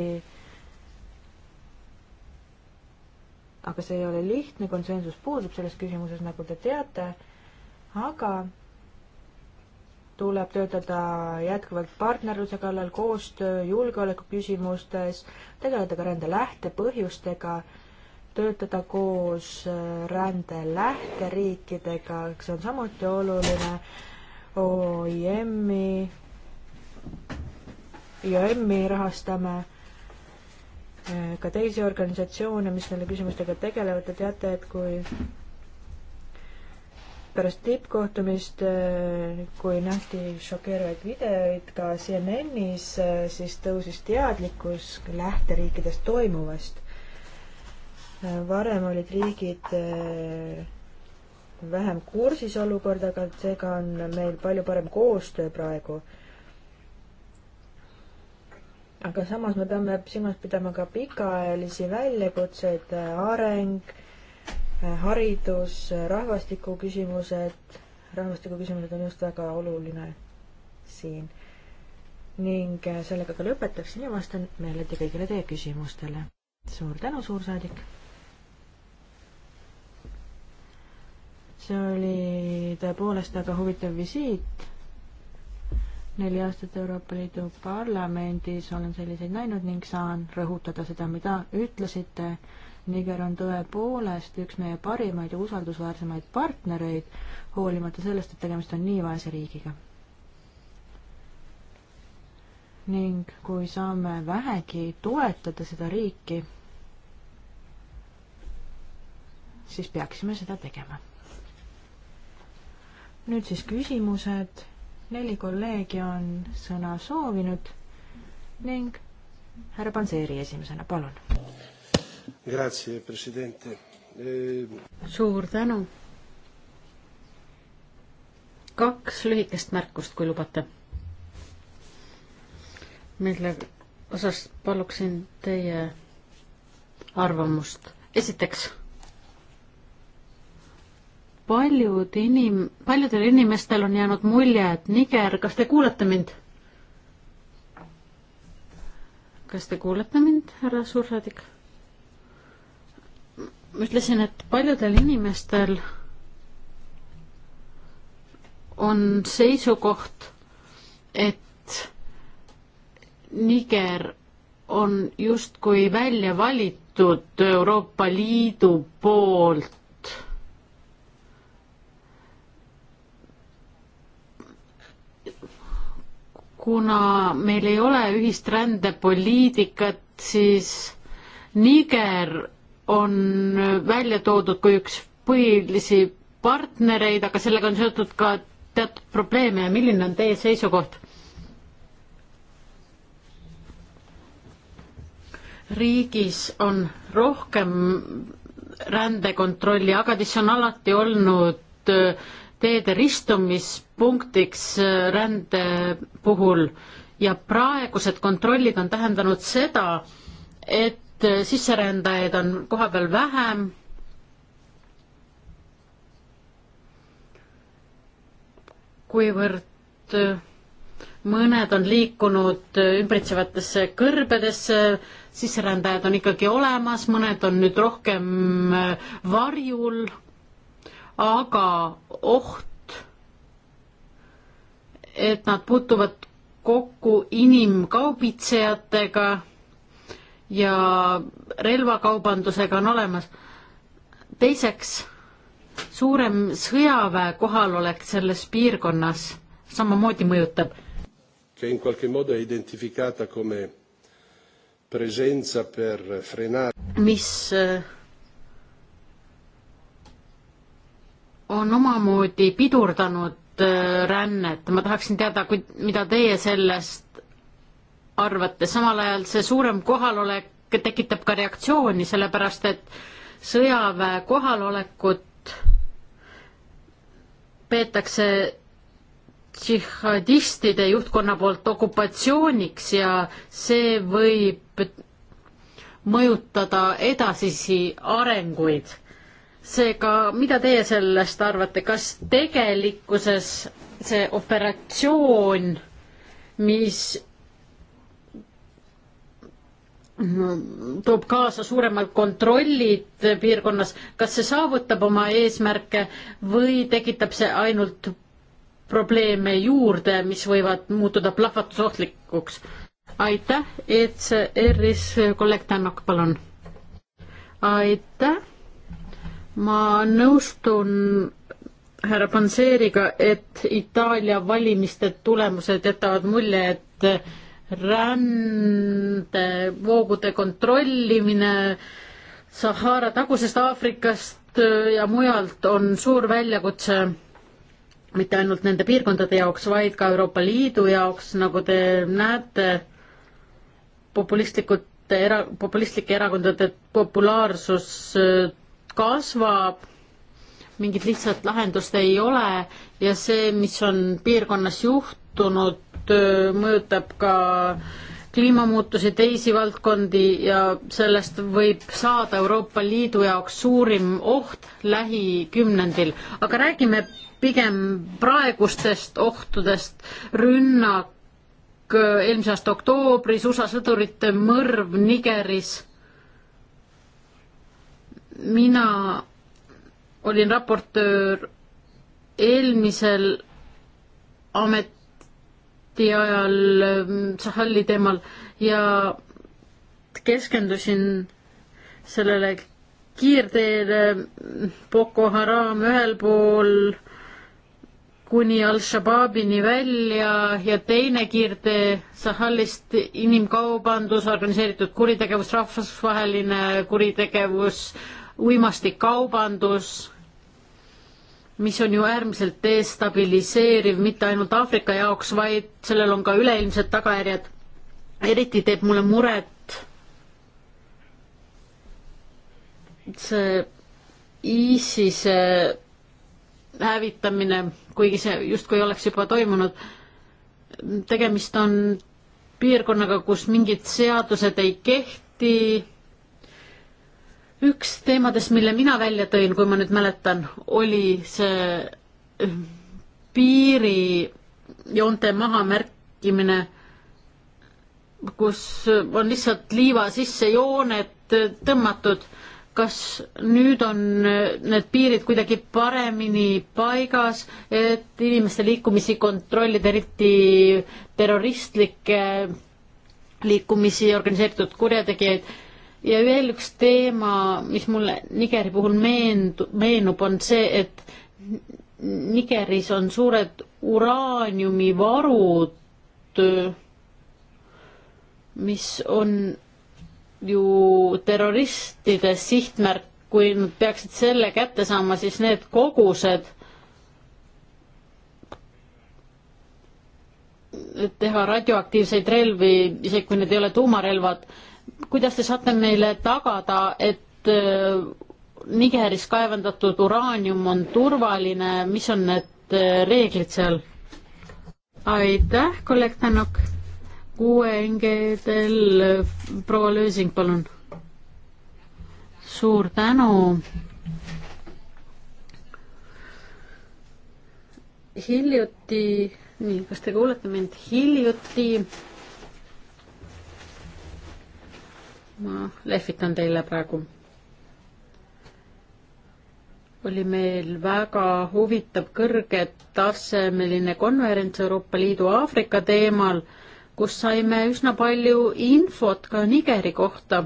aga see ei ole lihtne, konsensus puudub selles küsimuses, nagu te teate, aga tuleb töötada jätkuvalt partnerluse kallal, koostöö, julgeoleku küsimustes, tegeleda ka rände lähtepõhjustega, töötada koos äh, rände lähteriikidega, see on samuti oluline, OIM-i, IOM-i rahastame, äh, ka teisi organisatsioone, mis nende küsimustega tegelevad, te teate, et kui pärast tippkohtumist, äh, kui nähti šokeerivaid videoid ka CNN-is, äh, siis tõusis teadlikkus lähteriikides toimuvast. Äh, varem olid riigid vähem kursis olukordaga, seega on meil palju parem koostöö praegu. aga samas me peame silmas pidama ka pikaajalisi väljakutseid, areng haridus, rahvastikuküsimused, rahvastikuküsimused on just väga oluline siin. ning äh, sellega ka lõpetaksin ja vastan meeleldi kõigile teie küsimustele. suur tänu, suursaadik! see oli tõepoolest väga huvitav visiit. neli aastat Euroopa Liidu Parlamendis olen selliseid näinud ning saan rõhutada seda, mida ütlesite Niger on tõepoolest üks meie parimaid ja usaldusväärsemaid partnereid, hoolimata sellest, et tegemist on nii vaese riigiga. ning kui saame vähegi toetada seda riiki, siis peaksime seda tegema. nüüd siis küsimused. neli kolleegi on sõna soovinud ning härra Panseri esimesena, palun Grazie, president e.... Eh, suur tänu. kaks lühikest märkust, kui lubate. mille osas paluksin teie arvamust. esiteks, paljud inim-, paljudel inimestel on jäänud mulje, et Niger, kas te kuulete mind? kas te kuulete mind, härra suursaadik? ma ütlesin, et paljudel inimestel on seisukoht, et Niger on justkui välja valitud Euroopa Liidu poolt. kuna meil ei ole ühist rändepoliitikat, siis Niger on välja toodud kui üks põhilisi partnereid, aga sellega on seotud ka teatud probleeme ja milline on teie seisukoht? riigis on rohkem rändekontrolli, aga mis on alati olnud äh, teede ristumispunktiks äh, rände puhul ja praegused kontrollid on tähendanud seda, et Äh, sisserändajaid on kohapeal vähem. kuivõrd äh, mõned on liikunud äh, ümbritsevatesse kõrbedesse, sisserändajad on ikkagi olemas, mõned on nüüd rohkem varjul, aga oht, et nad puutuvad kokku inimkaubitsejatega ja relvakaubandusega on olemas. teiseks, suurem sõjaväe kohalolek selles piirkonnas samamoodi mõjutab. Che in qualche modo è identificata come presenza per frenare. mis eh, on omamoodi pidurdanud eh, rännet, ma tahaksin teada, mida teie sellest arvate, samal ajal see suurem kohalolek tekitab ka reaktsiooni, sellepärast et sõjaväe kohalolekut peetakse džihadistide juhtkonna poolt okupatsiooniks ja see võib mõjutada edasisi arenguid. seega, mida teie sellest arvate, kas tegelikkuses see operatsioon, mis toob kaasa suuremad kontrollid piirkonnas, kas see saavutab oma eesmärke või tekitab see ainult probleeme juurde, mis võivad muutuda plahvatusohtlikuks? aitäh, ECR-is kolleeg Tänak, palun. aitäh, ma nõustun härra Panseeriga, et Itaalia valimiste tulemused jätavad mulje, et rändevoogude kontrollimine Sahara tagusest Aafrikast äh, ja mujalt on suur väljakutse mitte ainult nende piirkondade jaoks, vaid ka Euroopa Liidu jaoks, nagu te näete, populistlikud era-, populistlike erakondade populaarsus äh, kasvab, mingit lihtsat lahendust ei ole ja see, mis on piirkonnas juhtunud, ainult mõjutab ka kliimamuutusi, teisi valdkondi ja sellest võib saada Euroopa Liidu jaoks suurim oht lähikümnendil. aga räägime pigem praegustest ohtudest, rünnak äh, eelmise aasta oktoobris, USA sõdurite mõrv Nigeris. mina olin raportöör eelmisel amet-, debati ajal Sahali ähm, teemal ja keskendusin sellele kiirteele Boko Haram ühel pool kuni Al-Shabaabini välja ja teine kiirtee Sahalist inimkaubandus, organiseeritud kuritegevus, rahvusvaheline kuritegevus, uimastikaubandus mis on ju äärmiselt destabiliseeriv mitte ainult Aafrika jaoks, vaid sellel on ka üleilmsed tagajärjed. eriti teeb mulle muret see ISISe hävitamine, kuigi see justkui oleks juba toimunud. tegemist on piirkonnaga, kus mingid seadused ei kehti üks teemadest, mille mina välja tõin, kui ma nüüd mäletan, oli see eh, piirijoonte mahamärkimine, kus on lihtsalt liiva sisse jooned tõmmatud. kas nüüd on need piirid kuidagi paremini paigas, et inimeste liikumisi kontrollida, eriti terroristlikke liikumisi, organiseeritud kurjategijaid ja veel üks teema, mis mulle Nigeri puhul meenub, meenub, on see, et Nigeris on suured uraaniumivarud, mis on ju terroristide sihtmärk, kui nad peaksid selle kätte saama, siis need kogused, et teha radioaktiivseid relvi, isegi kui need ei ole tuumarelvad kuidas te saate meile tagada, et äh, Nigeris kaevandatud uraanium on turvaline, mis on need äh, reeglid seal? aitäh, kolleeg Tänok. QNG-del proua Lösing, palun. suur tänu. hiljuti, nii, kas te kuulete mind, hiljuti ma lehvitan teile praegu. oli meil väga huvitav kõrgetasemeline konverents Euroopa Liidu Aafrika teemal, kus saime üsna palju infot ka Nigeri kohta.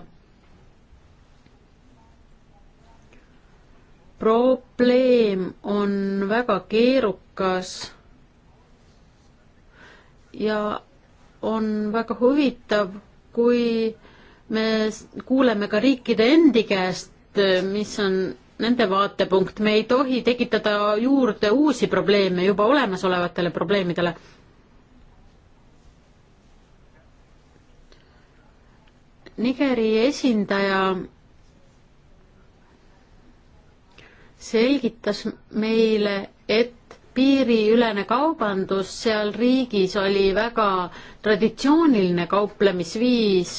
probleem on väga keerukas ja on väga huvitav, kui me kuuleme ka riikide endi käest, mis on nende vaatepunkt, me ei tohi tekitada juurde uusi probleeme juba olemasolevatele probleemidele. Nigeri esindaja selgitas meile, et piiriülene kaubandus seal riigis oli väga traditsiooniline kauplemisviis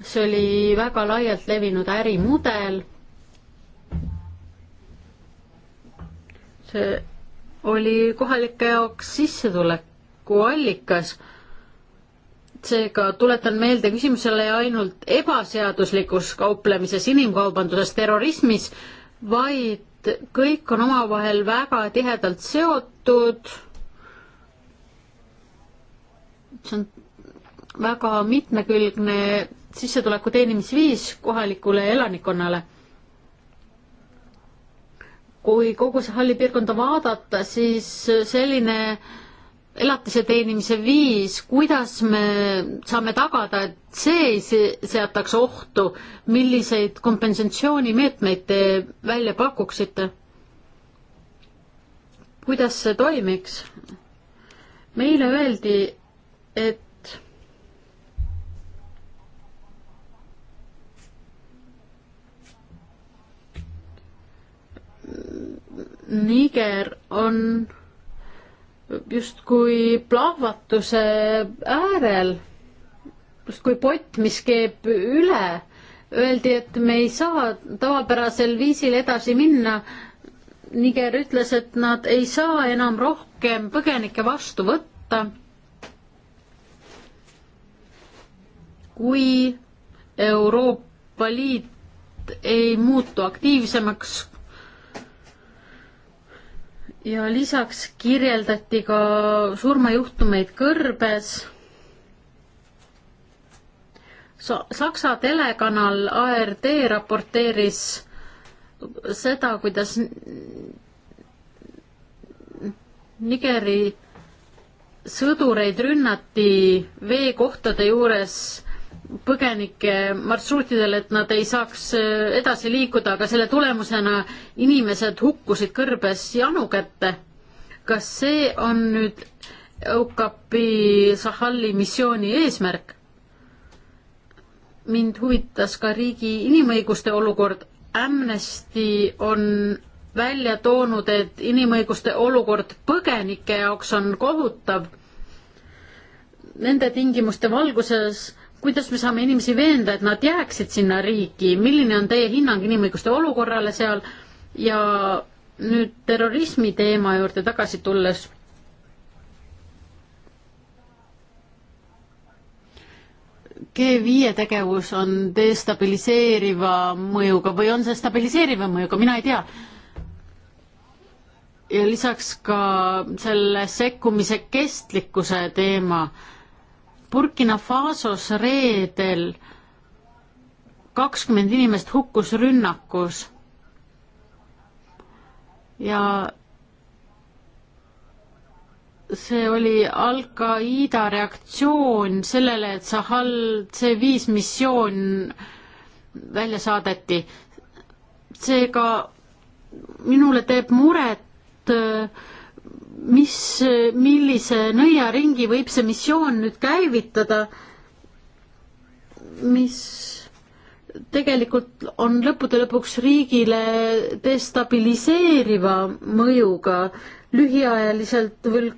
see oli väga laialt levinud ärimudel. see oli kohalike jaoks sissetuleku allikas. seega tuletan meelde, küsimus ei ole ainult ebaseaduslikus kauplemises, inimkaubanduses, terrorismis, vaid kõik on omavahel väga tihedalt seotud. see on väga mitmekülgne sissetuleku teenimisviis kohalikule elanikkonnale. kui kogu see halli piirkonda vaadata, siis selline elatise teenimise viis, kuidas me saame tagada, et see ei seataks ohtu, milliseid kompensatsioonimeetmeid te välja pakuksite? kuidas see toimiks? meile öeldi, et Niger on justkui plahvatuse äärel, justkui pott, mis keeb üle. Öeldi, et me ei saa tavapärasel viisil edasi minna. Niger ütles, et nad ei saa enam rohkem põgenikke vastu võtta. kui Euroopa Liit ei muutu aktiivsemaks ja lisaks kirjeldati ka surmajuhtumeid kõrbes so,. Saksa telekanal ARD raporteeris seda, kuidas Nigeri sõdureid rünnati veekohtade juures põgenike marsruutidel, et nad ei saaks äh, edasi liikuda, aga selle tulemusena inimesed hukkusid kõrbes janu kätte. kas see on nüüd EUCAP-i Sahali missiooni eesmärk? mind huvitas ka riigi inimõiguste olukord. Amnesty on välja toonud, et inimõiguste olukord põgenike jaoks on kohutav. Nende tingimuste valguses kuidas me saame inimesi veenda, et nad jääksid sinna riiki, milline on teie hinnang inimõiguste olukorrale seal ja nüüd terrorismi teema juurde tagasi tulles. G5 tegevus on destabiliseeriva mõjuga või on see stabiliseeriva mõjuga, mina ei tea. ja lisaks ka selle sekkumise kestlikkuse teema Burkina Fasos reedel kakskümmend inimest hukkus rünnakus ja see oli Al-Qaeda reaktsioon sellele, et Sahal C5 missioon välja saadeti. seega minule teeb muret äh, mis, millise nõiaringi võib see missioon nüüd käivitada, mis tegelikult on lõppude lõpuks riigile destabiliseeriva mõjuga, lühiajaliselt veel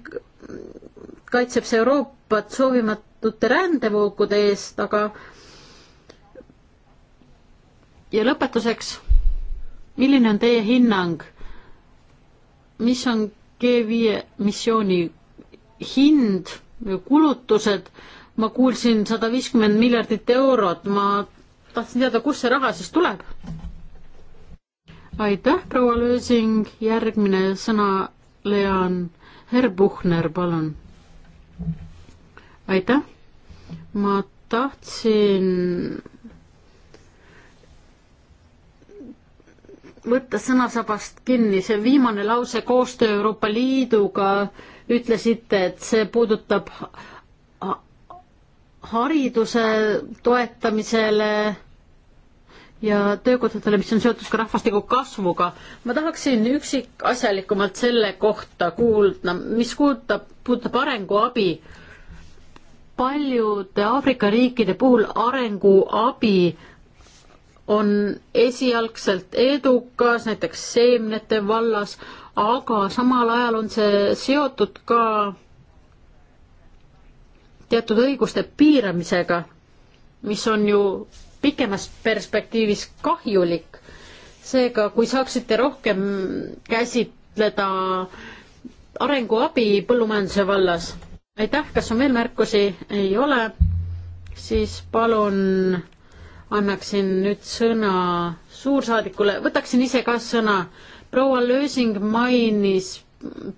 kaitseb see Euroopat soovimatute rändevoogude eest, aga ja lõpetuseks, milline on teie hinnang, mis on G5 missiooni hind, kulutused, ma kuulsin sada viiskümmend miljardit eurot, ma tahtsin teada, kust see raha siis tuleb? aitäh, proua Lösing, järgmine sõnaleja on härra Puhner, palun. aitäh, ma tahtsin võtta sõnasabast kinni, see viimane lause koostöö Euroopa Liiduga, ütlesite, et see puudutab hariduse toetamisele ja töökohtadele, mis on seotud ka rahvastiku kasvuga. ma tahaksin üksikasjalikumalt selle kohta kuulda, mis puudutab, puudutab arenguabi. paljude Aafrika riikide puhul arenguabi on esialgselt edukas, näiteks seemnete vallas, aga samal ajal on see seotud ka teatud õiguste piiramisega, mis on ju pikemas perspektiivis kahjulik. seega, kui saaksite rohkem käsitleda arenguabi põllumajanduse vallas, aitäh, kas on veel märkusi? ei ole, siis palun annaksin nüüd sõna suursaadikule, võtaksin ise ka sõna. proua Lösing mainis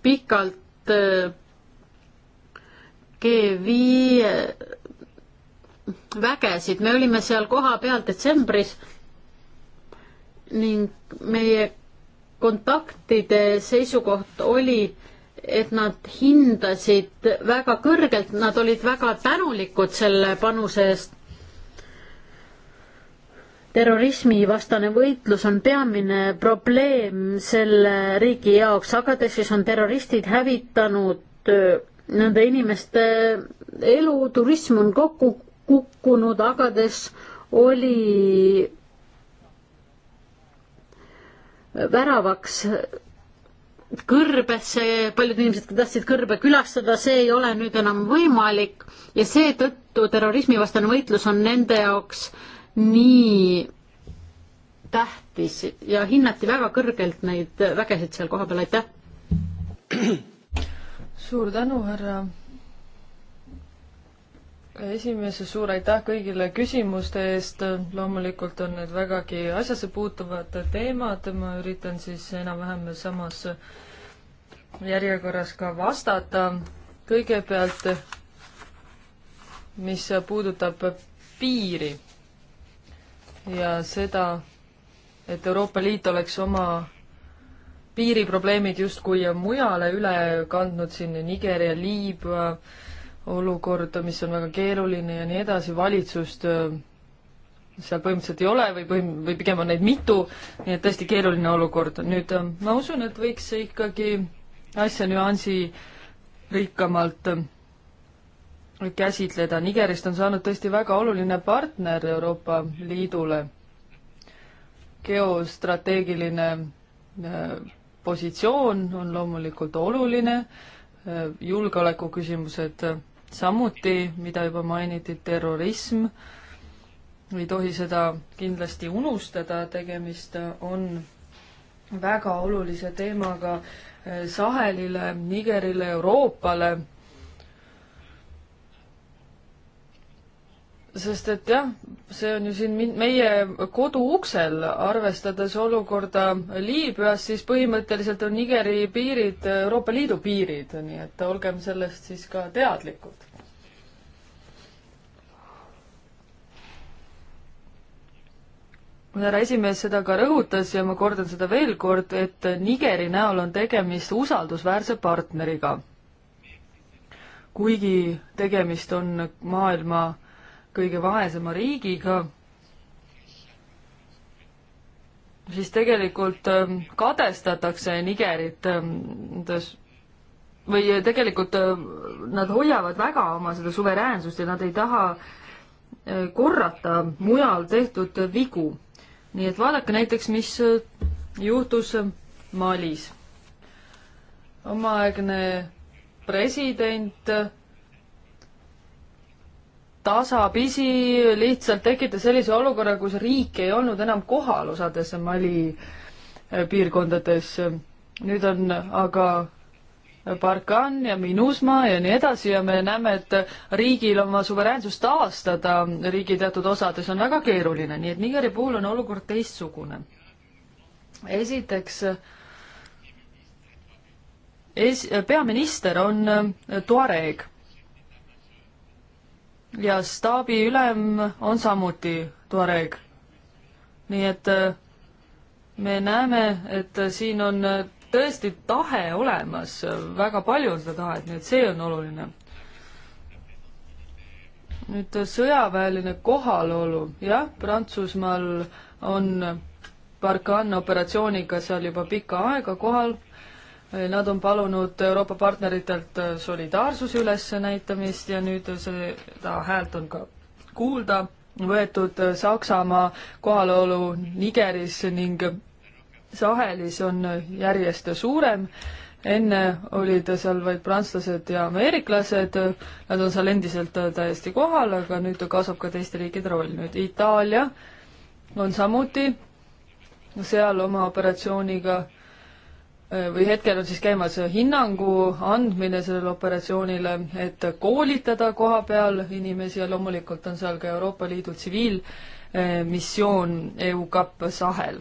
pikalt äh, G5 äh, vägesid, me olime seal kohapeal detsembris ning meie kontaktide seisukoht oli, et nad hindasid väga kõrgelt, nad olid väga tänulikud selle panuse eest terrorismivastane võitlus on peamine probleem selle riigi jaoks. Agadešis on terroristid hävitanud äh, nende inimeste äh, elu, turism on kokku kukkunud, Agades oli väravaks kõrbesse, paljud inimesed tahtsid kõrbe külastada, see ei ole nüüd enam võimalik ja seetõttu terrorismivastane võitlus on nende jaoks äh, nii tähtis ja hinnati väga kõrgelt neid vägesid seal kohapeal, aitäh! suur tänu, härra esimees ja suur aitäh kõigile küsimuste eest, loomulikult on need vägagi asjasse puutuvad teemad, ma üritan siis enam-vähem samas järjekorras ka vastata. kõigepealt, mis puudutab piiri ja seda, et Euroopa Liit oleks oma piiriprobleemid justkui mujale üle kandnud, siin Nigeria, Liibüa olukord, mis on väga keeruline ja nii edasi, valitsust äh, seal põhimõtteliselt ei ole või põhim-, või pigem on neid mitu, nii et tõesti keeruline olukord. nüüd äh, ma usun, et võiks ikkagi asja nüansi rikkamalt äh, käsitleda. Nigerist on saanud tõesti väga oluline partner Euroopa Liidule. geostrateegiline äh, positsioon on loomulikult oluline, äh, julgeolekuküsimused samuti, mida juba mainiti, terrorism, ei tohi seda kindlasti unustada, tegemist on väga olulise teemaga äh, Sahelile, Nigerile, Euroopale sest et jah, see on ju siin meie kodu uksel, arvestades olukorda Liibüas, siis põhimõtteliselt on Nigeri piirid Euroopa Liidu piirid, nii et olgem sellest siis ka teadlikud. härra esimees seda ka rõhutas ja ma kordan seda veel kord, et Nigeri näol on tegemist usaldusväärse partneriga. kuigi tegemist on maailma kõige vaesema riigiga, siis tegelikult ähm, kadestatakse Nigerit ähm, või äh, tegelikult äh, nad hoiavad väga oma seda suveräänsust ja nad ei taha äh, korrata mujal tehtud vigu. nii et vaadake näiteks, mis juhtus Malis. omaaegne president tasapisi lihtsalt tekitas sellise olukorra, kus riik ei olnud enam kohal osades Mali eh, piirkondades. nüüd on aga Barkan ja Minusma ja nii edasi ja me näeme, et riigil oma suveräänsust taastada riigi teatud osades on väga keeruline, nii et Nigeri puhul on olukord teistsugune. esiteks es-, peaminister on Tuareg ja staabiülem on samuti Tuareg. nii et äh, me näeme, et äh, siin on äh, tõesti tahe olemas, väga palju on seda tahet, nii et see on oluline. nüüd sõjaväeline kohalolu, jah, Prantsusmaal on Barkhane operatsiooniga seal juba pikka aega kohal Nad on palunud Euroopa partneritelt solidaarsuse ülesnäitamist ja nüüd seda häält on ka kuulda võetud Saksamaa kohalolu Nigeris ning Sahelis on järjest suurem. enne olid seal vaid prantslased ja ameeriklased, nad on seal endiselt täiesti kohal, aga nüüd kasvab ka teiste riikide roll. nüüd Itaalia on samuti seal oma operatsiooniga äh, Äh, või hetkel on siis käimas hinnangu andmine sellele operatsioonile, et koolitada koha peal inimesi ja loomulikult on seal ka Euroopa Liidu tsiviilmissioon EUCAP Sahel.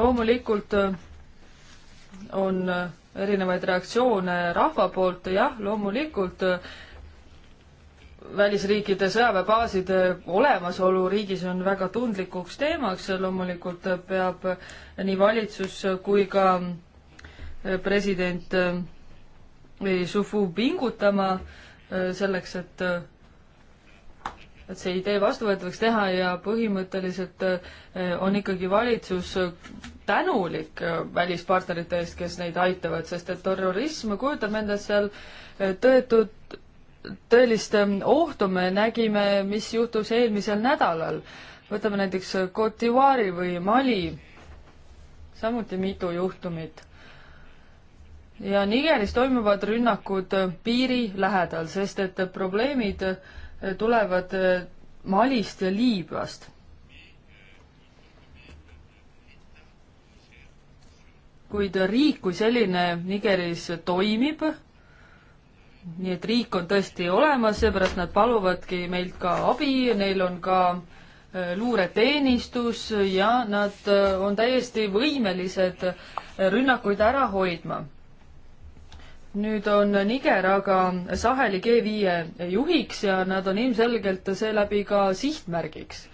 loomulikult äh, on äh, erinevaid reaktsioone rahva poolt, jah, loomulikult äh, välisriikide sõjaväebaaside olemasolu riigis on väga tundlikuks teemaks, loomulikult peab nii valitsus kui ka eh, president eh, Sufu pingutama eh, selleks, et et see idee vastuvõetavaks teha ja põhimõtteliselt on ikkagi valitsus tänulik välispartnerite eest, kes neid aitavad, sest et terrorism kujutab endast seal tõetud tõelist ähm, ohtu me nägime, mis juhtus eelmisel nädalal. võtame näiteks Cote d'Ivoire'i või Mali, samuti mitu juhtumit. ja Nigeris toimuvad rünnakud äh, piiri lähedal, sest et probleemid äh, tulevad äh, Malist ja Liibüast. kuid riik kui selline Nigeris toimib nii et riik on tõesti olemas, seepärast nad paluvadki meilt ka abi, neil on ka äh, luureteenistus ja nad äh, on täiesti võimelised äh, rünnakuid ära hoidma. nüüd on Niger aga Saheli G5 juhiks ja nad on ilmselgelt seeläbi ka sihtmärgiks.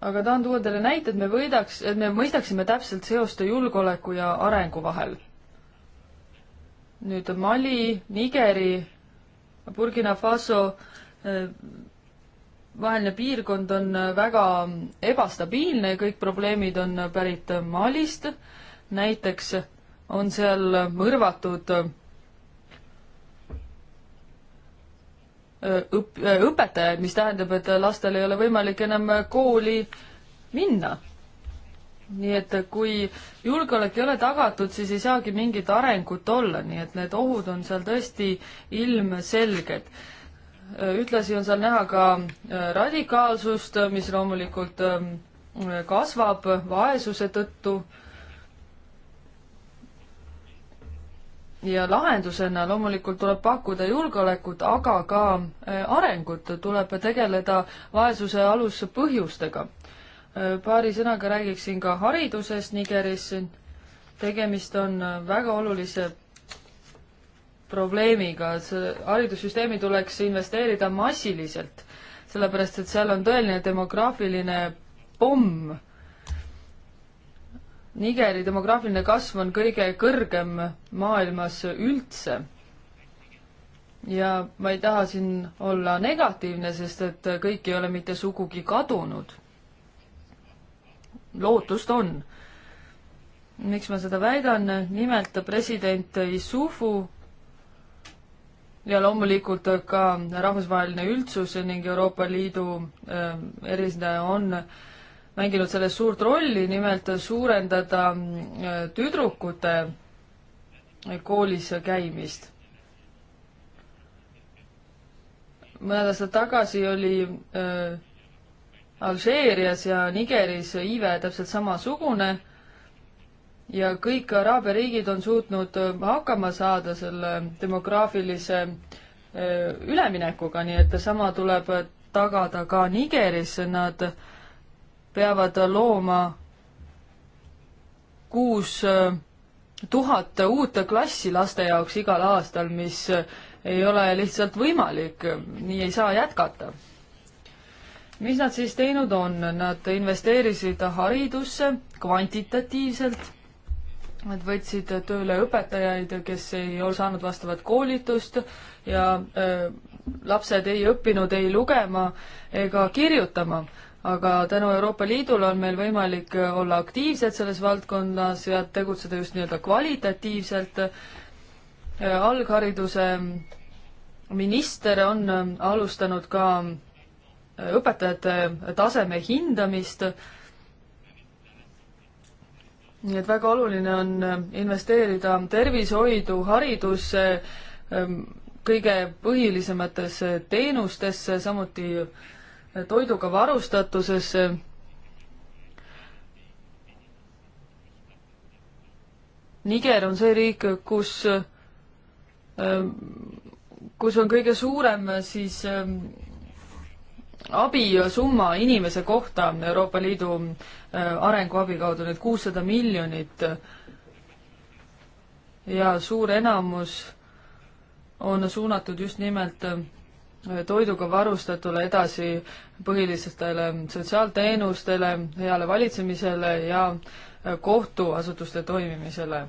aga tahan tuua teile näite, et me võidaks, et me mõistaksime täpselt seost julgeoleku ja arengu vahel. nüüd Mali, Nigeri, Burkina Faso eh, vaheline piirkond on eh, väga ebastabiilne ja kõik probleemid on pärit Malist. näiteks on seal mõrvatud eh, õp-, äh, õpetajaid, mis tähendab, et lastel ei ole võimalik enam äh, kooli minna. nii et äh, kui julgeolek ei ole tagatud, siis ei saagi mingit arengut olla, nii et need ohud on seal tõesti ilmselged. ühtlasi on seal näha ka radikaalsust, mis loomulikult ähm, kasvab vaesuse tõttu ja lahendusena loomulikult tuleb pakkuda julgeolekut, aga ka äh, arengut, tuleb tegeleda vaesuse aluspõhjustega. Äh, paari sõnaga räägiksin ka haridusest Nigeris. tegemist on äh, väga olulise probleemiga, haridussüsteemi tuleks investeerida massiliselt, sellepärast et seal on tõeline demograafiline pomm Nigeri demograafiline kasv on kõige kõrgem maailmas üldse. ja ma ei taha siin olla negatiivne, sest et kõik ei ole mitte sugugi kadunud. lootust on. miks ma seda väidan, nimelt president Isufu ja loomulikult ka rahvusvaheline üldsus ning Euroopa Liidu äh, esindaja on äh, mänginud selles suurt rolli, nimelt suurendada äh, tüdrukute koolis käimist. mõned aastad tagasi oli äh, Alžeerias ja Nigeris iive täpselt samasugune ja kõik araabia riigid on suutnud äh, hakkama saada selle demograafilise äh, üleminekuga, nii et sama tuleb tagada ka Nigeris, nad äh, peavad looma kuus äh, tuhat uut klassi laste jaoks igal aastal, mis äh, ei ole lihtsalt võimalik, äh, nii ei saa jätkata. mis nad siis teinud on, nad investeerisid haridusse kvantitatiivselt, nad võtsid tööle õpetajaid, kes ei saanud vastavat koolitust ja öö, lapsed ei õppinud ei lugema ega kirjutama aga tänu Euroopa Liidule on meil võimalik olla aktiivsed selles valdkonnas ja tegutseda just nii-öelda kvalitatiivselt. alghariduse minister on alustanud ka õpetajate taseme hindamist. nii et väga oluline on investeerida tervishoidu, haridusse, kõige põhilisematesse teenustesse, samuti toiduga varustatusesse. Niger on see riik, kus, ähm, kus on kõige suurem siis ähm, abisumma inimese kohta Euroopa Liidu äh, arenguabi kaudu, need kuussada miljonit ja suur enamus on suunatud just nimelt äh, toiduga varustatule edasi põhilistele sotsiaalteenustele, heale valitsemisele ja kohtuasutuste toimimisele.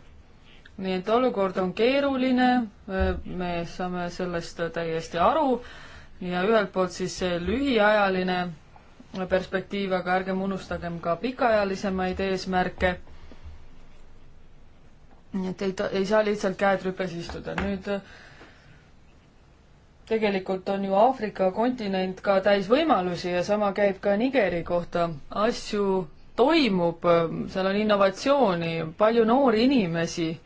nii et olukord on keeruline, me saame sellest täiesti aru ja ühelt poolt siis see lühiajaline perspektiiv, aga ärgem unustagem ka pikaajalisemaid eesmärke. nii et ei, ei saa lihtsalt käed rüpes istuda. nüüd tegelikult on ju Aafrika kontinent ka täis võimalusi ja sama käib ka Nigeri kohta. asju toimub, seal on innovatsiooni, palju noori inimesi.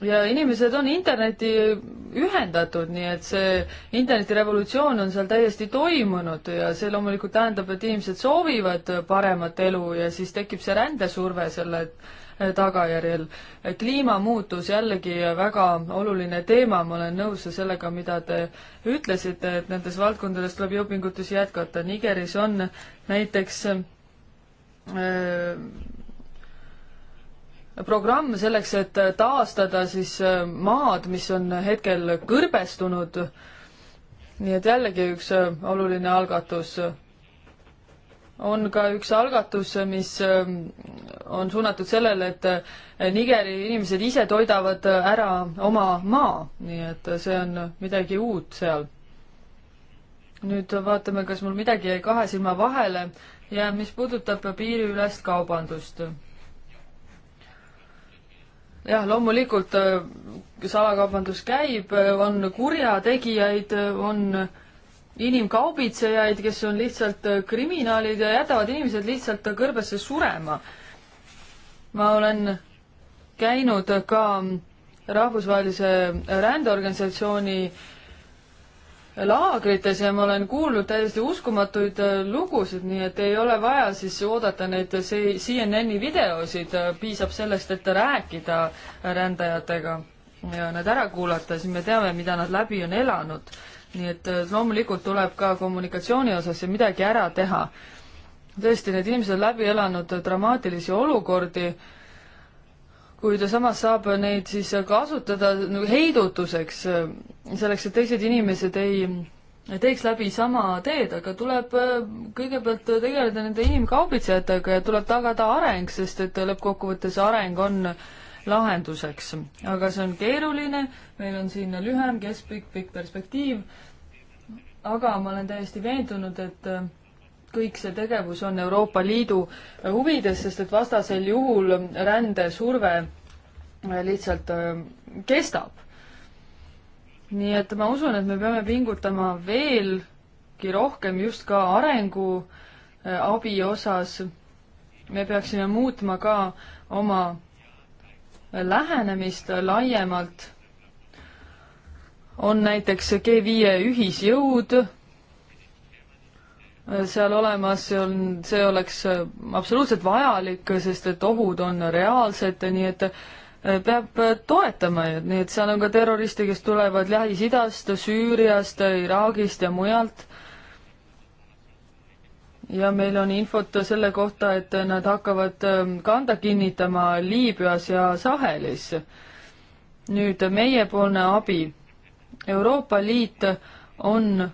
ja inimesed on interneti ühendatud, nii et see internetirevolutsioon on seal täiesti toimunud ja see loomulikult tähendab, et inimesed soovivad paremat elu ja siis tekib see rändesurve selle tagajärjel. kliimamuutus jällegi väga oluline teema, ma olen nõus sellega, mida te ütlesite, et nendes valdkondades tuleb jõupingutusi jätkata. Nigeris on näiteks äh, programm selleks, et taastada siis äh, maad, mis on hetkel kõrbestunud. nii et jällegi üks äh, oluline algatus on ka üks algatus, mis ähm, on suunatud sellele, et äh, Nigeri inimesed ise toidavad äh, ära oma maa, nii et äh, see on midagi uut seal. nüüd vaatame, kas mul midagi jäi kahe silma vahele ja mis puudutab piiriülest kaubandust. jah, loomulikult salakaubandus käib, on kurjategijaid, on äh, inimkaubitsejaid, kes on lihtsalt äh, kriminaalid ja jätavad inimesed lihtsalt äh, kõrbesse surema. ma olen käinud ka rahvusvahelise äh, rändeorganisatsiooni laagrites ja ma olen kuulnud täiesti uskumatuid lugusid, nii et ei ole vaja siis oodata neid CNN-i videosid, piisab sellest, et rääkida rändajatega ja nad ära kuulata, siis me teame, mida nad läbi on elanud nii et äh, loomulikult tuleb ka kommunikatsiooni osas siin midagi ära teha. tõesti, need inimesed on läbi elanud äh, dramaatilisi olukordi, kuid samas saab neid siis äh, kasutada nagu, heidutuseks, selleks, et teised inimesed ei teeks läbi sama teed, aga tuleb kõigepealt tegeleda nende inimkaubitsejatega ja tuleb tagada areng, sest et lõppkokkuvõttes areng on äh, lahenduseks. aga see on keeruline, meil on siin lühem, keskpikk, pikk perspektiiv, aga ma olen täiesti veendunud, et kõik see tegevus on Euroopa Liidu huvides, sest et vastasel juhul rändesurve lihtsalt äh, kestab. nii et ma usun, et me peame pingutama veelgi rohkem just ka arenguabi äh, osas. me peaksime muutma ka oma lähenemist laiemalt. on näiteks G5 ühisjõud, seal olemas, see on, see oleks absoluutselt vajalik, sest et ohud on reaalsed, nii et äh, peab toetama, nii et seal on ka terroriste, kes tulevad Lähis-Idast, Süüriast, Iraagist ja mujalt ja meil on infot selle kohta, et nad hakkavad ähm, kanda kinnitama Liibüas ja Sahelis. nüüd meiepoolne abi. Euroopa Liit on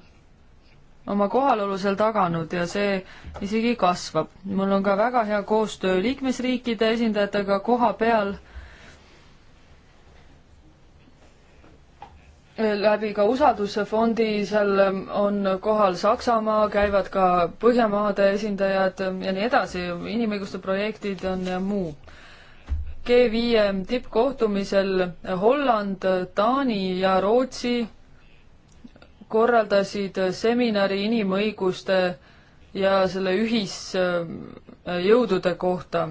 oma kohalolu seal taganud ja see isegi kasvab. mul on ka väga hea koostöö liikmesriikide esindajatega koha peal läbi ka usaldusfondi, seal ähm, on kohal Saksamaa, käivad ka Põhjamaade esindajad ähm, ja nii edasi, inimõiguste projektid on ja muu. G5 tippkohtumisel Holland, Taani ja Rootsi korraldasid seminari inimõiguste ja selle ühisjõudude kohta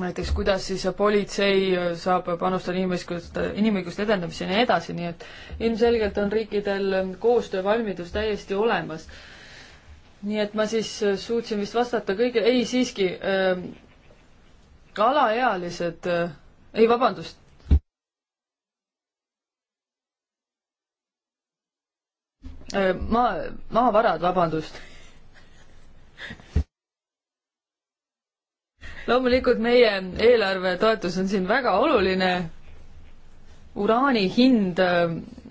näiteks kuidas siis politsei saab panustada inimõiguste, inimõiguste edendamisse ja nii edasi, nii et ilmselgelt on riikidel koostöövalmidus täiesti olemas. nii et ma siis suutsin vist vastata kõige, ei siiski äh,, alaealised äh,, ei vabandust. Äh, maa, maavarad, vabandust loomulikult meie eelarvetoetus on siin väga oluline. uraani hind äh,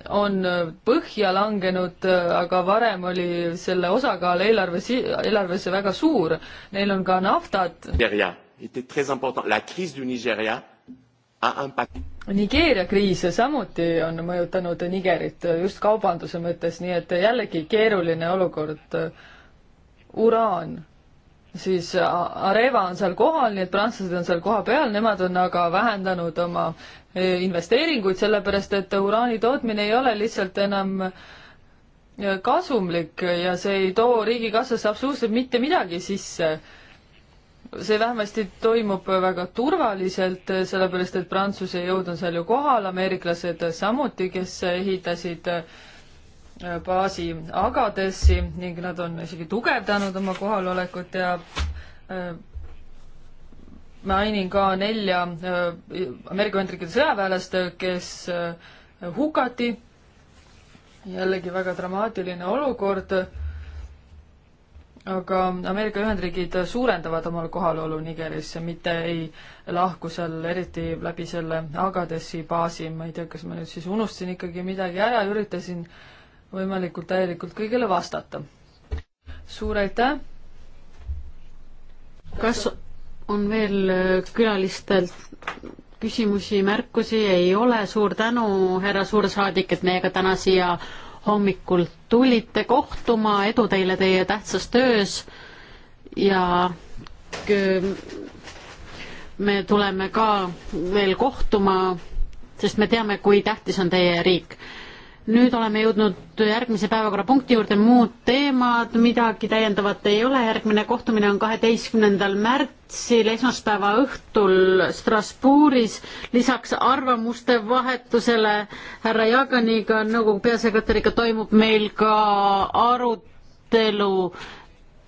on äh, põhja langenud, äh, aga varem oli selle osakaal eelarves, eelarvesse väga suur. Neil on ka naftat. Nigeeria kriis samuti on mõjutanud Nigerit just kaubanduse mõttes, nii et jällegi keeruline olukord. uraan siis Areva on seal kohal, nii et prantslased on seal kohapeal, nemad on aga vähendanud oma e, investeeringuid, sellepärast et uraani tootmine ei ole lihtsalt enam e, kasumlik ja see ei too riigikassasse absoluutselt mitte midagi sisse. see vähemasti toimub väga turvaliselt, sellepärast et Prantsuse jõud on seal ju kohal, ameeriklased samuti, kes ehitasid äh, baasi Agadessi ning nad on isegi tugevdanud oma kohalolekut ja äh, mainin ka nelja äh, Ameerika Ühendriikide sõjaväelast, kes äh, hukati. jällegi väga dramaatiline olukord. aga Ameerika Ühendriigid suurendavad omal kohalolu Nigerisse, mitte ei lahku seal eriti läbi selle Agadessi baasi, ma ei tea, kas ma nüüd siis unustasin ikkagi midagi ära, üritasin äh, võimalikult täielikult kõigile vastata. suur aitäh! kas on veel äh, külalistelt küsimusi, märkusi? ei ole, suur tänu, härra suursaadik, et meiega täna siia hommikul tulite kohtuma, edu teile teie tähtsas töös ja äh, me tuleme ka veel kohtuma, sest me teame, kui tähtis on teie riik nüüd oleme jõudnud järgmise päevakorrapunkti juurde, muud teemad, midagi täiendavat ei ole, järgmine kohtumine on kaheteistkümnendal märtsil, esmaspäeva õhtul Strasbourgis. lisaks arvamuste vahetusele härra Jaganiga, nõukogu peasekretäriga, toimub meil ka arutelu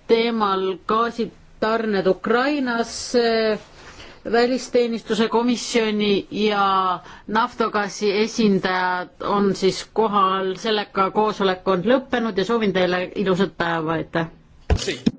teemal gaasitarned Ukrainasse välisteenistuse komisjoni ja naftogasi esindajad on siis kohal, sellega koosolek on lõppenud ja soovin teile ilusat päeva, aitäh!